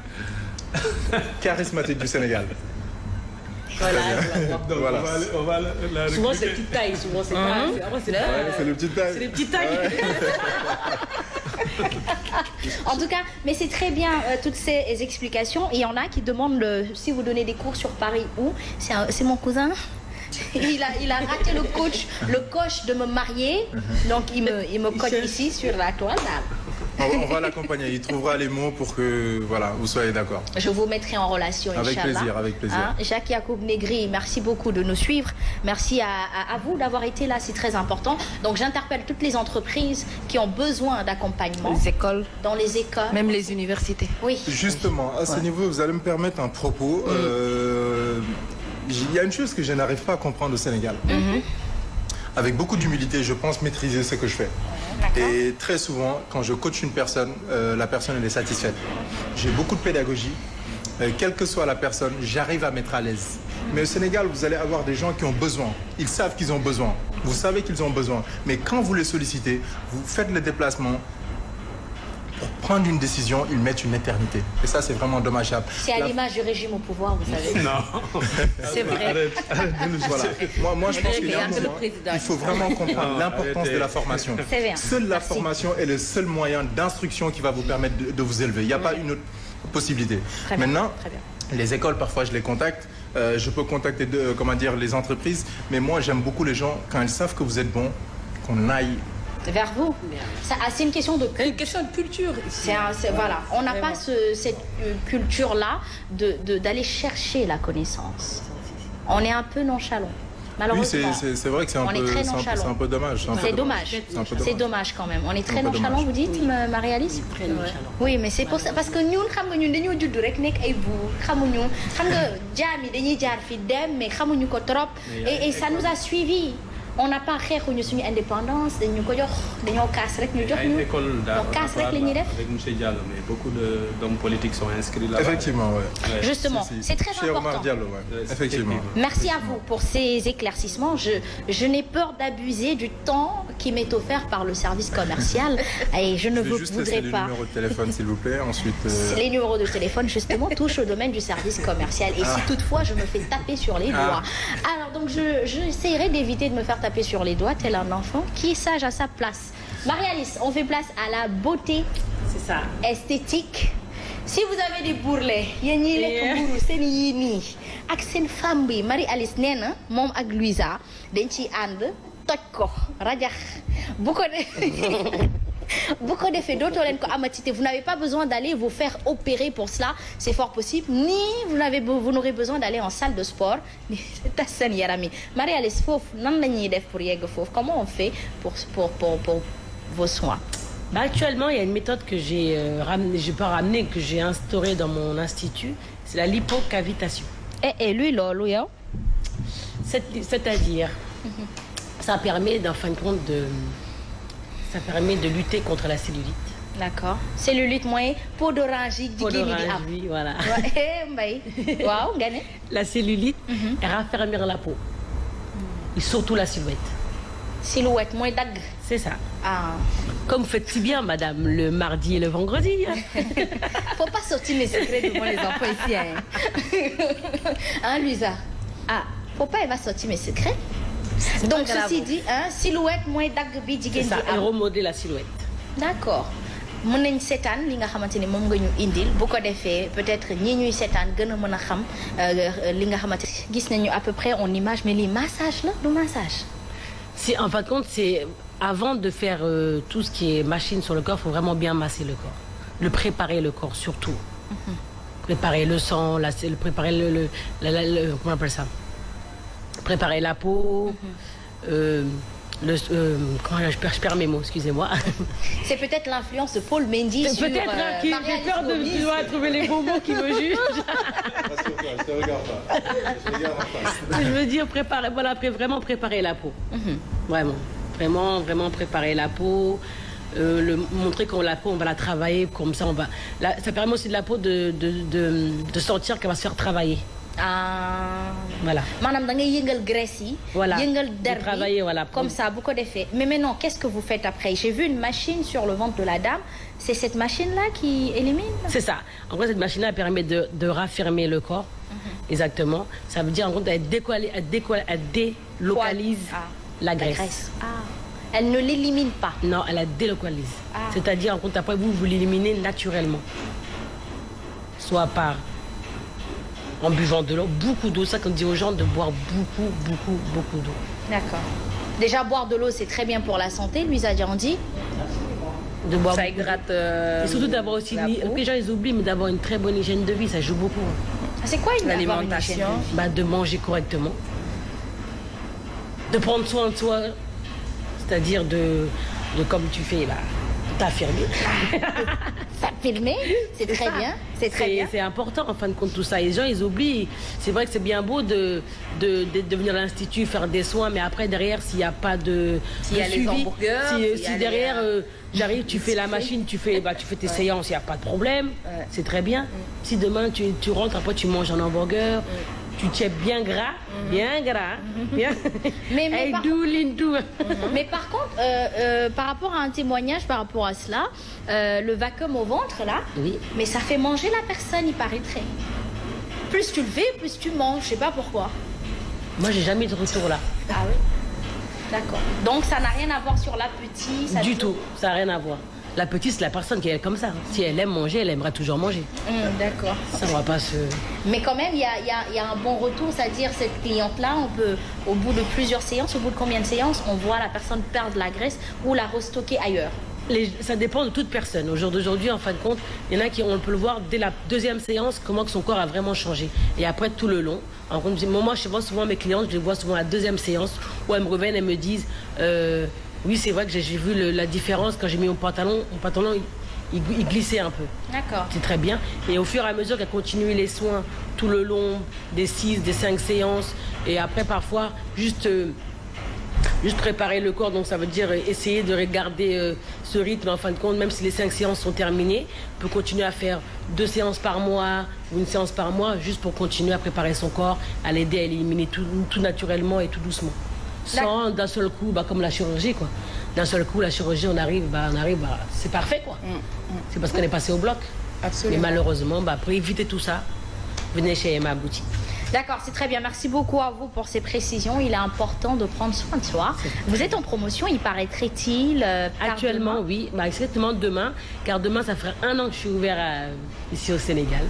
charismatique du Sénégal. Voilà, donc, voilà. On va, on va souvent, c'est les petites en tout cas, mais c'est très bien euh, toutes ces explications. Il y en a qui demandent si vous donnez des cours sur Paris où C'est mon cousin il a, il le coach, de me marier. Mhm. Donc il me, il ici sur la toile. on, on va l'accompagner. Il trouvera les mots pour que voilà, vous soyez d'accord. Je vous mettrai en relation, Inch'Allah. Avec plaisir, Jacques Yacoub Negri, merci beaucoup de nous suivre. Merci à, à, à vous d'avoir été là, c'est très important. Donc j'interpelle toutes les entreprises qui ont besoin d'accompagnement. Les écoles. Dans les écoles. Même les universités. Oui. Justement, à ce ouais. niveau, vous allez me permettre un propos. Euh, il y a une chose que je n'arrive pas à comprendre avec beaucoup d'humilité, je pense maîtriser ce que je fais. Et très souvent, quand je coach une personne, euh, la personne elle est satisfaite. J'ai beaucoup de pédagogie. Euh, quelle que soit la personne, j'arrive à mettre à l'aise. Mais au Sénégal, vous allez avoir des gens qui ont besoin. Ils savent qu'ils ont besoin. Vous savez qu'ils ont besoin. Mais quand vous les sollicitez, vous faites le déplacement, prendre une décision, ils mettent une éternité. Et ça, c'est vraiment dommageable. C'est à la... l'image du régime au pouvoir, vous savez. Non. c'est vrai. il faut vraiment comprendre l'importance de la formation. Seule la formation est le seul moyen d'instruction qui va vous permettre de, de vous élever. Il n'y a oui. pas une autre possibilité. Très Maintenant, bien. Très bien. les écoles, parfois, je les contacte. Euh, euh Mais moi, j'aime beaucoup les gens quand ils savent que vous êtes bon, qu'on aille vers vous. Ah, c'est une question de culture. une question de culture. C'est voilà, on n'a pas ce, cette euh, culture-là d'aller de, d'aller chercher la connaissance. On est un peu nonchalant. Malheureusement. Oui, c'est vrai que c'est un, un, un, peu dommage. C'est dommage. C'est dommage quand même. On est très nonchalant, vous dites, Marie-Alice Oui, mais c'est pour ça. Parce que nous, xam nga ñun dañoo judd rek nekk ay buur xamuñu xam nga jaam yi dañuy jaar fi dem mais xamuñu ko trop et ça nous a suivi on n'a pas xeexuñu suñu indépendance dañ ñu la ñuy def avec monsieur Diallo justement c'est très important d'abuser du temps qui m'est offert par le service commercial et je ne voudrais pas. les numéros de téléphone s'il vous plaît ensuite. Euh, les numéros de téléphone justement au domaine du service commercial et si ah. toutefois je me fais taper sur les ah. doigts. alors donc je d'éviter de me faire taper sur les doigts tel un enfant qui est sage à sa place. Marie-Alice, on fait place à la beauté. C'est ça. Esthétique. si vous avez des bourrelets yéen ñiy lekk buuru seen yii nii ak seen femme bi Marie Alice nee na moom ak Luisa dañ ciy ànd toj ko rajax bu ko de bu ko defee dootoo leen ko amati te vous n'avez pas besoin d'aller vous faire opérer pour cela c'est fort possible ni vous n'avez vous n'aurez besoin d'aller en salle de sport ni tas seen yaram yi Marie nan la ñuy def pour yegg foofu comment on fait pour pour pour pour vos soins. Bah actuellement il y a une méthode que j'ai euh, ramené j'ai pas instaurée dans mon institut c'est la lipocavitation. et eh, et eh, luy loolu yow. c'est c'est-à-dire. Mhm. ça permet en fin de compte de. ça permet la cellulite. d' accord ah. voilà. Eh, mbay la cellulite. Mhm. raffermir la peau. Mm. et surtout la silhouette. silhouette mooy dagg. c' ça. Ah. comme fait si bien madame le mardi et le vendredi. faut sortir les secrets devant les enfants ici hein. hein Luisa. Ah, sortir mes secrets. donc ceci dit ah silhouette mooy dagg bi jigéen di am remodeler la silhouette d'accord mën nañ seetaan li nga xamante ni moom nga ñu indil bu ko defee peut-être ñi ñuy seetaan gën a mën a xam euh, li nga xamante ni gis nañu à peu près en image mais lii massage la du massage si en fin de compte c'est avant de faire euh, tout ce qui est machine sur le corps faut vraiment bien masser le corps le préparer le corps surtout mm préparer le sang la le préparer le, préparer la peau. Euh, le, euh, comment je, je perds mes mots, excusez-moi. C'est peut-être l'influence de Paul Mendy euh, sur Peut-être euh, qui j'ai peur de me trouver les bons mots qui me jugent. je te regarde pas. Je, regarde pas. je veux dire préparer, voilà, vraiment préparer la peau. Mm -hmm. Vraiment, vraiment, vraiment préparer la peau. Euh, le, montrer qu'on la peau, on va la travailler comme ça, on va. La, ça permet aussi de la peau de, de, de, de sentir qu'elle va se faire travailler. ah. voilà maanaam da ngay yëngal graisse yi. voilà yëngal der bi comme ça bu ko defee. mais maintenant qu'est-ce que vous faites après j'ai vu une machine sur le ventre de la dame c'est cette machine là qui élimine. c'est ça en gros cette machine là permet de de raffermer le corps. Mm-hmm. exactement ça veut dire en gros elle décolle elle décolle elle délocalise. Ah. la graisse la graisse ah. Elle ne l'élimine pas. Non, elle la délocalise. Ah. C'est-à-dire en compte après vous vous l'éliminez naturellement. Soit par en buvant de l'eau, beaucoup d'eau. Ça qu'on dit aux gens de boire beaucoup, beaucoup, beaucoup d'eau. Déjà, boire de l'eau, c'est très bien pour la santé, Louisa dit de boire ça hydrate. Euh, et surtout euh, d'avoir aussi. Une, les gens, mais d'avoir une très bonne hygiène de vie, ça joue beaucoup. Ah, c'est quoi une alimentation De manger correctement. De prendre soin de soi. C'est-à-dire de, comme tu fais t'as affirmé. S'affirmer, c'est très bien. C'est très bien. C'est important, en fin de compte, tout ça. Les gens, ils oublient. C'est vrai que c'est bien beau de, de, de, de venir à l'institut, faire des soins, mais après, derrière, s'il n'y a pas de. S'il y a suivi, les hamburgers. Si, si y a derrière, les... Euh, euh, j'arrive, tu fais la machine, tu fais, bah, tu fais tes ouais. séances, il n'y a pas de problème. Ouais. C'est très bien. Ouais. Si demain, tu, tu rentres, après, tu manges un hamburger. du ceeb bien gras. bien gras. bien mais mais par mais par contre euh, euh, par rapport à un témoignage par rapport à cela euh, le vacuum au ventre là. oui mais ça fait manger la personne il paraîtrait. plus tu le fais plus tu manges je sais pas pourquoi. moi j'ai jamais de retour là. ah oui d'accord donc ça n'a rien à voir sur l'appétit. ça du tout ça n'a rien à voir. La petite, c'est la personne qui est comme ça. Si elle aime manger, elle aimera toujours manger. Mmh, D'accord. Ça, on va pas se... Mais quand même, il y a, y, a, y a, un bon retour, c'est-à-dire cette cliente-là, on peut, au bout de plusieurs séances, au bout de combien de séances, on voit la personne perdre la graisse ou la restocker ailleurs les, ça dépend de toute personne. Au jour d'aujourd'hui, en fin de compte, il y en a qui, on peut le voir dès la deuxième séance, comment que son corps a vraiment changé. Et après, tout le long. En compte, moi, je vois souvent mes clientes, je les vois souvent à la deuxième séance, où elles me reviennent, elles me disent... Euh, oui, c'est vrai que j'ai vu le, la différence quand j'ai mis mon pantalon. Mon pantalon, il, il, glissait un peu. D'accord. C'est très bien. Et au fur et à mesure qu'elle continue les soins tout le long des 6, des 5 séances, et après parfois juste, euh, juste préparer le corps, donc ça veut dire essayer de regarder euh, ce rythme en fin de compte, même si les 5 séances sont terminées, on peut continuer à faire deux séances par mois ou une séance par mois, juste pour continuer à préparer son corps, à l'aider à éliminer tout, tout naturellement et tout doucement. sans d'un seul coup bah, comme la chirurgie quoi d'un seul coup la chirurgie on arrive bah, on arrive bah, c'est parfait quoi mm, mm. c'est passé au bloc malheureusement pour éviter tout ça venez chez Emma Boutique D'accord, c'est très bien. Merci beaucoup à vous pour ces précisions. Il est important de prendre soin de soi. Vous êtes en promotion, il paraîtrait-il euh, Actuellement, oui. Bah, exactement demain, car demain, euh, au Sénégal.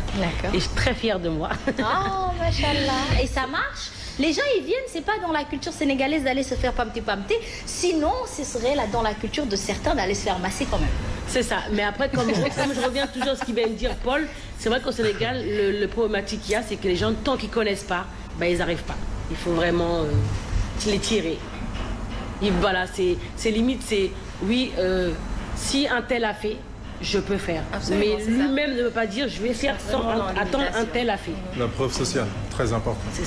Et je très fière de moi. Oh, machallah. Et ça marche Les gens, ils viennent, c'est pas dans la culture sénégalaise d'aller se faire pamti-pamti. Sinon, ce serait là, dans la culture de certains d'aller se faire masser quand même. C'est ça. Mais après, comme, comme, je reviens toujours à ce qu'il vient de dire, Paul, c'est vrai qu'au Sénégal, le, le problématique qu'il y a, c'est que les gens, tant qu'ils connaissent pas, ben, ils n'arrivent pas. Il faut vraiment euh, les tirer. Et voilà, c'est limite, c'est oui, euh, si un tel a fait, je peux faire. Absolument, Mais lui-même ne peut pas dire je vais faire sans attendre un tel a fait. La preuve sociale, très important. Mm.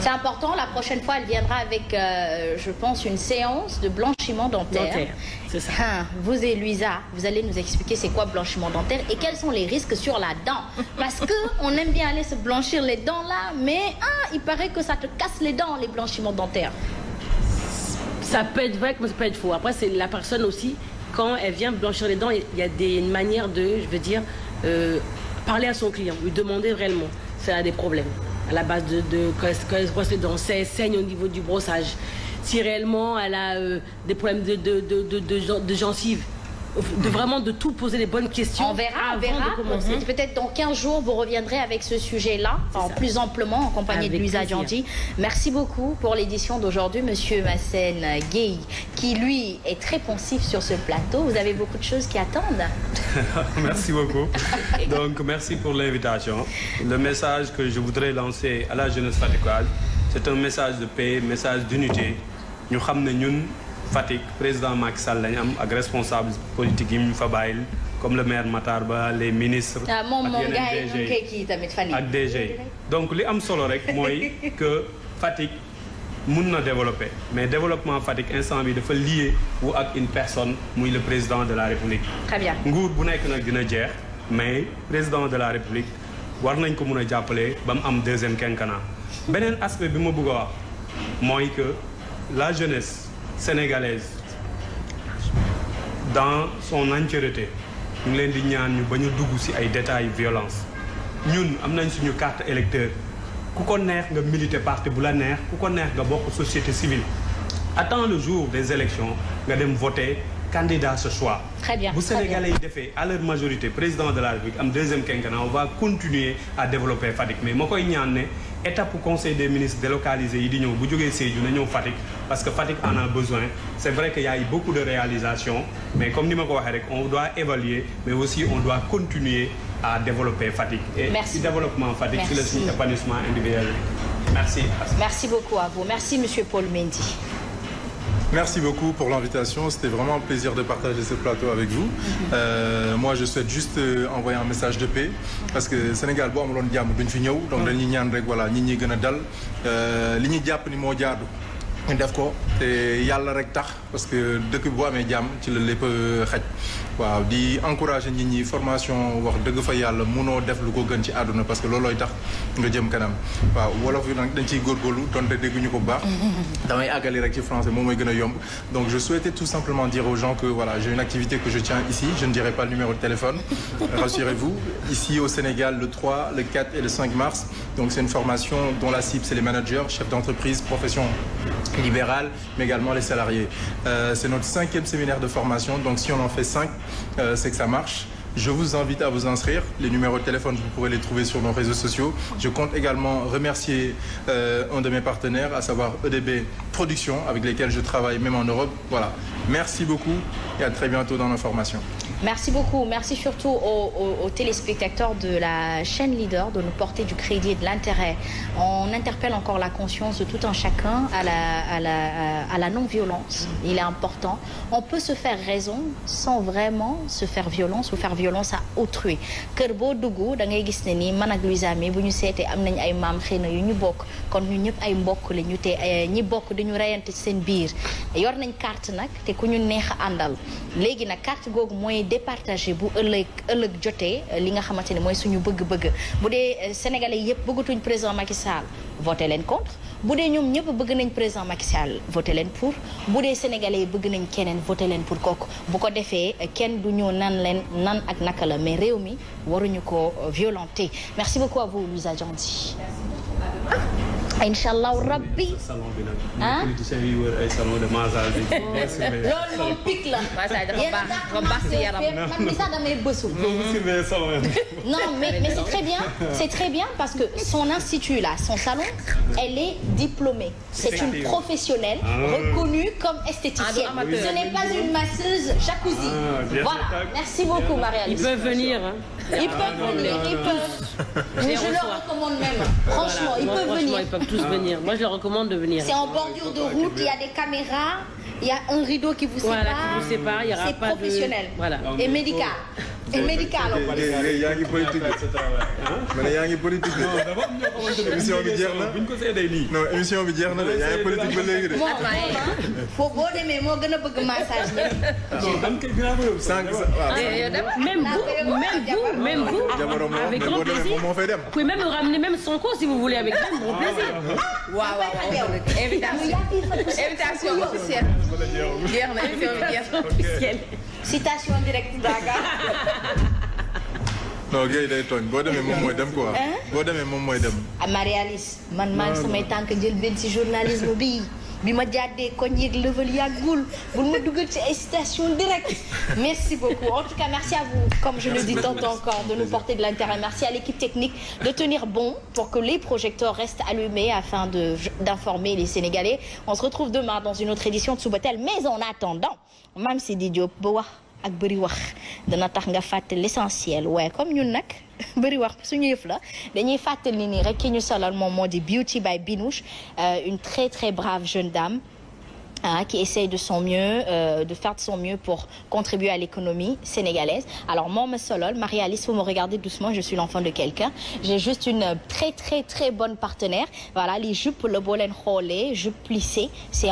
C'est important. La prochaine fois, elle viendra avec, euh, je pense, une séance de blanchiment dentaire. dentaire c'est ça. Ah, vous et Luisa, vous allez nous expliquer c'est quoi blanchiment dentaire et quels sont les risques sur la dent. Parce que on aime bien aller se blanchir les dents là, mais ah, il paraît que ça te casse les dents, les blanchiments dentaires. Ça peut être vrai comme ça peut être faux. Après, c'est la personne aussi quand elle vient blanchir les dents, il y a des, une manière de, je veux dire, euh, parler à son client, lui demander réellement si elle a des problèmes. À la base de, de quand, elle, quand elle se brosse les dents, si elle saigne au niveau du brossage, si réellement elle a euh, des problèmes de, de, de, de gencives de vraiment de tout poser les bonnes questions. On verra, on verra. Mm-hmm. Peut-être dans 15 jours, vous reviendrez avec ce sujet-là, plus amplement, en compagnie avec de Luisa Djandji. Merci beaucoup pour l'édition d'aujourd'hui, Monsieur Massen Gueye, qui lui est très pensif sur ce plateau. Vous avez beaucoup de choses qui attendent. Le message que je voudrais lancer à la jeunesse radicale, message de paix, message d'unité. Nous savons Fatick président Macky Sall lañ am ak responsable politique yi ñu fa bàyyil comme le maire Matar Ba les ministres. Ah, ak yeneen DG ak DG donc li am solo rek mooy que Fatick mun na développer mais développement Fatick instant bi dafa lié wu ak une personne muy le président de la République. très nguur bu nekk nag dina jeex mais président de la République war nañ ko mun a jàppale ba mu am deuxième quinquennat beneen aspect bi ma bugg a wax mooy que la jeunesse. sénégalaise dans son entièreté mu ngi leen di ñaan ñu ba ñu dugg ci ay détails violence ñun am nañ suñu carte électeur ku ko neex nga milité parti bu la neex ku ko neex nga bokk société civile attends le jour des élections nga dem voter candidat ce choix. très bu sénégalais yi defee à majorité président de la République am deuxième quinquennat on va continuer à développer Fatick mais ma koy ñaan ne. étape conseil des ministres délocalisé yi di ñëw bu jógee Sédhiou na ñëw Fatick parce que Fatick en a besoin c'est vrai que y a eu beaucoup de réalisations mais comme ni ma ko waxee rek on doit évaluer mais aussi on doit continuer à développer Fatick et ci développement Fatick ci la suñu épanouissement individuel merci merci beaucoup à vous merci monsieur Paul Mendy Merci beaucoup pour l'invitation. C'était vraiment un plaisir de partager ce plateau avec vous. Mhm. Euh, je souhaite juste euh, envoyer un message de paix parce que Sénégal boo amuloon jàmm duñ fi ñëw donc dañuy ñaan rek voilà nit ñi gën a dal euh, li ñu jàpp ni moo jaadu ñu def ko te yàlla rek tax. parce que dëkk bu amee jàmm ci la lépp euh, xaj waaw di encourager nit ñi formation wax dëgg fa yàlla munoo def lu ko gën ci àdduna parce que loolooy tax nga jëm kanam waaw wolof yi nag dañ ciy góorgóorlu donte dégguñu ko bu baax damay àggali rek ci français moom mooy gën a yomb donc je souhaitais tout simplement dire aux gens que voilà j'ai une activité que je tiens ici je ne dirai pas le numéro de téléphone rassurez-vous ici au Sénégal le le 4 et le 5 mars donc formation dont la cible c'est les managers chefs d'entreprise profession libérale mais également les salariés Euh, c'est notre cinquième séminaire de formation, donc si on en fait cinq, euh, c'est que ça marche. Je vous invite à vous inscrire. Les numéros de téléphone, vous pourrez trouver sur nos réseaux sociaux. Je compte également remercier euh, un de mes partenaires, à savoir EDB Productions, avec lesquels je travaille même en Europe. Voilà. Merci beaucoup et à très bientôt de la chaîne Leader de nous porter du crédit et de l'intérêt. On interpelle encore la conscience de tout un chacun à la, non-violence. Il est important. On se faire raison sans vraiment se faire violence à autrui kër boo dugg da ngay gis ne nii man ak Louisa mi bu ñu seetee am nañ ay maam xëy na yu ñu bokk kon ñu ñëpp ay mbokk la ñu te eh, ñi bokk duñu reyante ci seen biir yor nañ carte nag te ku ñu neex a àndal léegi nag carte googu mooy départager bu ëllëg ëllëg jotee eh, li nga xamante ne mooy suñu bëgg-bëgg bu dee eh, sénégalais yëpp bëggatuñ président Macky Sall voté leen contre bu dee ñoom ñëpp bëgg nañ président Macky Sall leen pour bu dee sénégalais yi bëgg nañ keneen voté leen pour kooku bu ko defee kenn du ñëw nan leen nan ak naka la mais réew mi waruñu ko violenter merci beaucoup à vous Louisa Diandi. Ah. incha allahu rabbi ah oh. loolu moom la. massage dafa baax dafa baax ci yaram man non mais c'est très bien c'est très bien parce que son institut là son salon elle est diplômée. c'est une professionnelle. Ah. reconnue comme esthéticienne. Ah, ce n'est pas une masseuse jacuzzi. Ah, merci beaucoup Marie-Alice. ils peuvent venir. Ils peuvent ah, venir, ils peuvent. Mais je leur recommande même. Franchement, ils peuvent venir. Ils peuvent tous ah. venir. Moi, je leur recommande de venir. C'est en bordure de route, il y a des caméras, il y a un rideau qui vous sépare. Voilà, qui vous sépare, il y aura pas de... C'est professionnel. Voilà. Et médical. et médical. yaa ngi politique ma ne yaa ngi politique de. émission bi jeex na buñ ko seedee nii. non émission bi jeex na de yaa ngi politique ba léegi de. foo boo demee moo gën a bëgg massage ñëpp. sànq sa waaw. même vous même vous même vous. avec grand plaisir moo fay dem. puis même ramener même son co si vous voulez avec grand plaisir. waaw waaw invitation invitation officielle. jeex na émission bi jeex na officielle. citation directe Daga. non Guèye day tooñ boo demee moom mooy dem quoi. boo demee moom mooy dem. Amaryalise ah, man maa ngi samay tànk jël benn ci journalisme bii. bi ma jàddee koñ yeeg level yàggul bul ma dugal ci ay citation direct merci beaucoup en tout cas merci à vous comme je le dis encore de nous porter de l'intérêt merci à l'équipe technique de tenir bon pour que les projecteurs restent allumés afin d'informer les Sénégalais on se retrouve demain dans une autre édition de Subatel mais en attendant Mame ak bëri wax dana tax nga fàtte l'essentiel waaye comme ñun nag bëri wax suñu yëf la dañuy fàttali ni rek ki ñu solal moom moo di Beauty by Binouche euh, une très très brave jeune dame hein, qui essaye de son mieux, euh, de faire de son mieux pour contribuer à l'économie sénégalaise. Alors, moi, me solol, Marie-Alice, vous me regardez doucement, je c'est en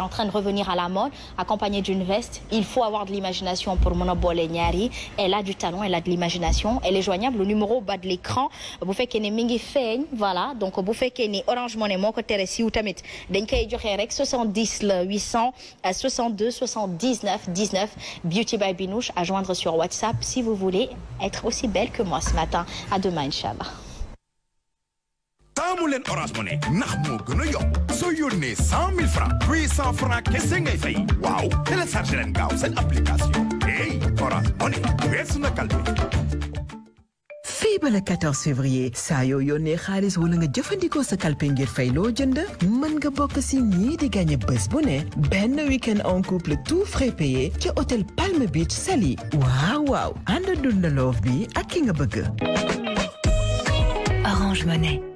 train de revenir à la mode, accompagnée d'une veste. Il faut de l'imagination pour mon Elle a du talent, elle a de l'imagination. Elle est joignable au numéro au de l'écran. Vous faites qu'elle voilà. Donc, vous faites qu'elle est orange money, mon côté récit 62 79 19 Beauty by Binouche à joindre sur WhatsApp si vous voulez être aussi belle que moi ce matin. À demain, Inch'Allah. taamu leen a yokk soo yónnee cent mille francs puis cent francs fii a le 14 février saa yoo yónnee xaalis wala nga jëfandikoo sa kalpe ngir fay loo jënd mën nga bokk si ñii di gagné bés bu ne benn week-end en couple tout frais payé ci hôtel Palm Beach Saly waaw waaw ànd dundaloof bi ak ki nga bëgg Orange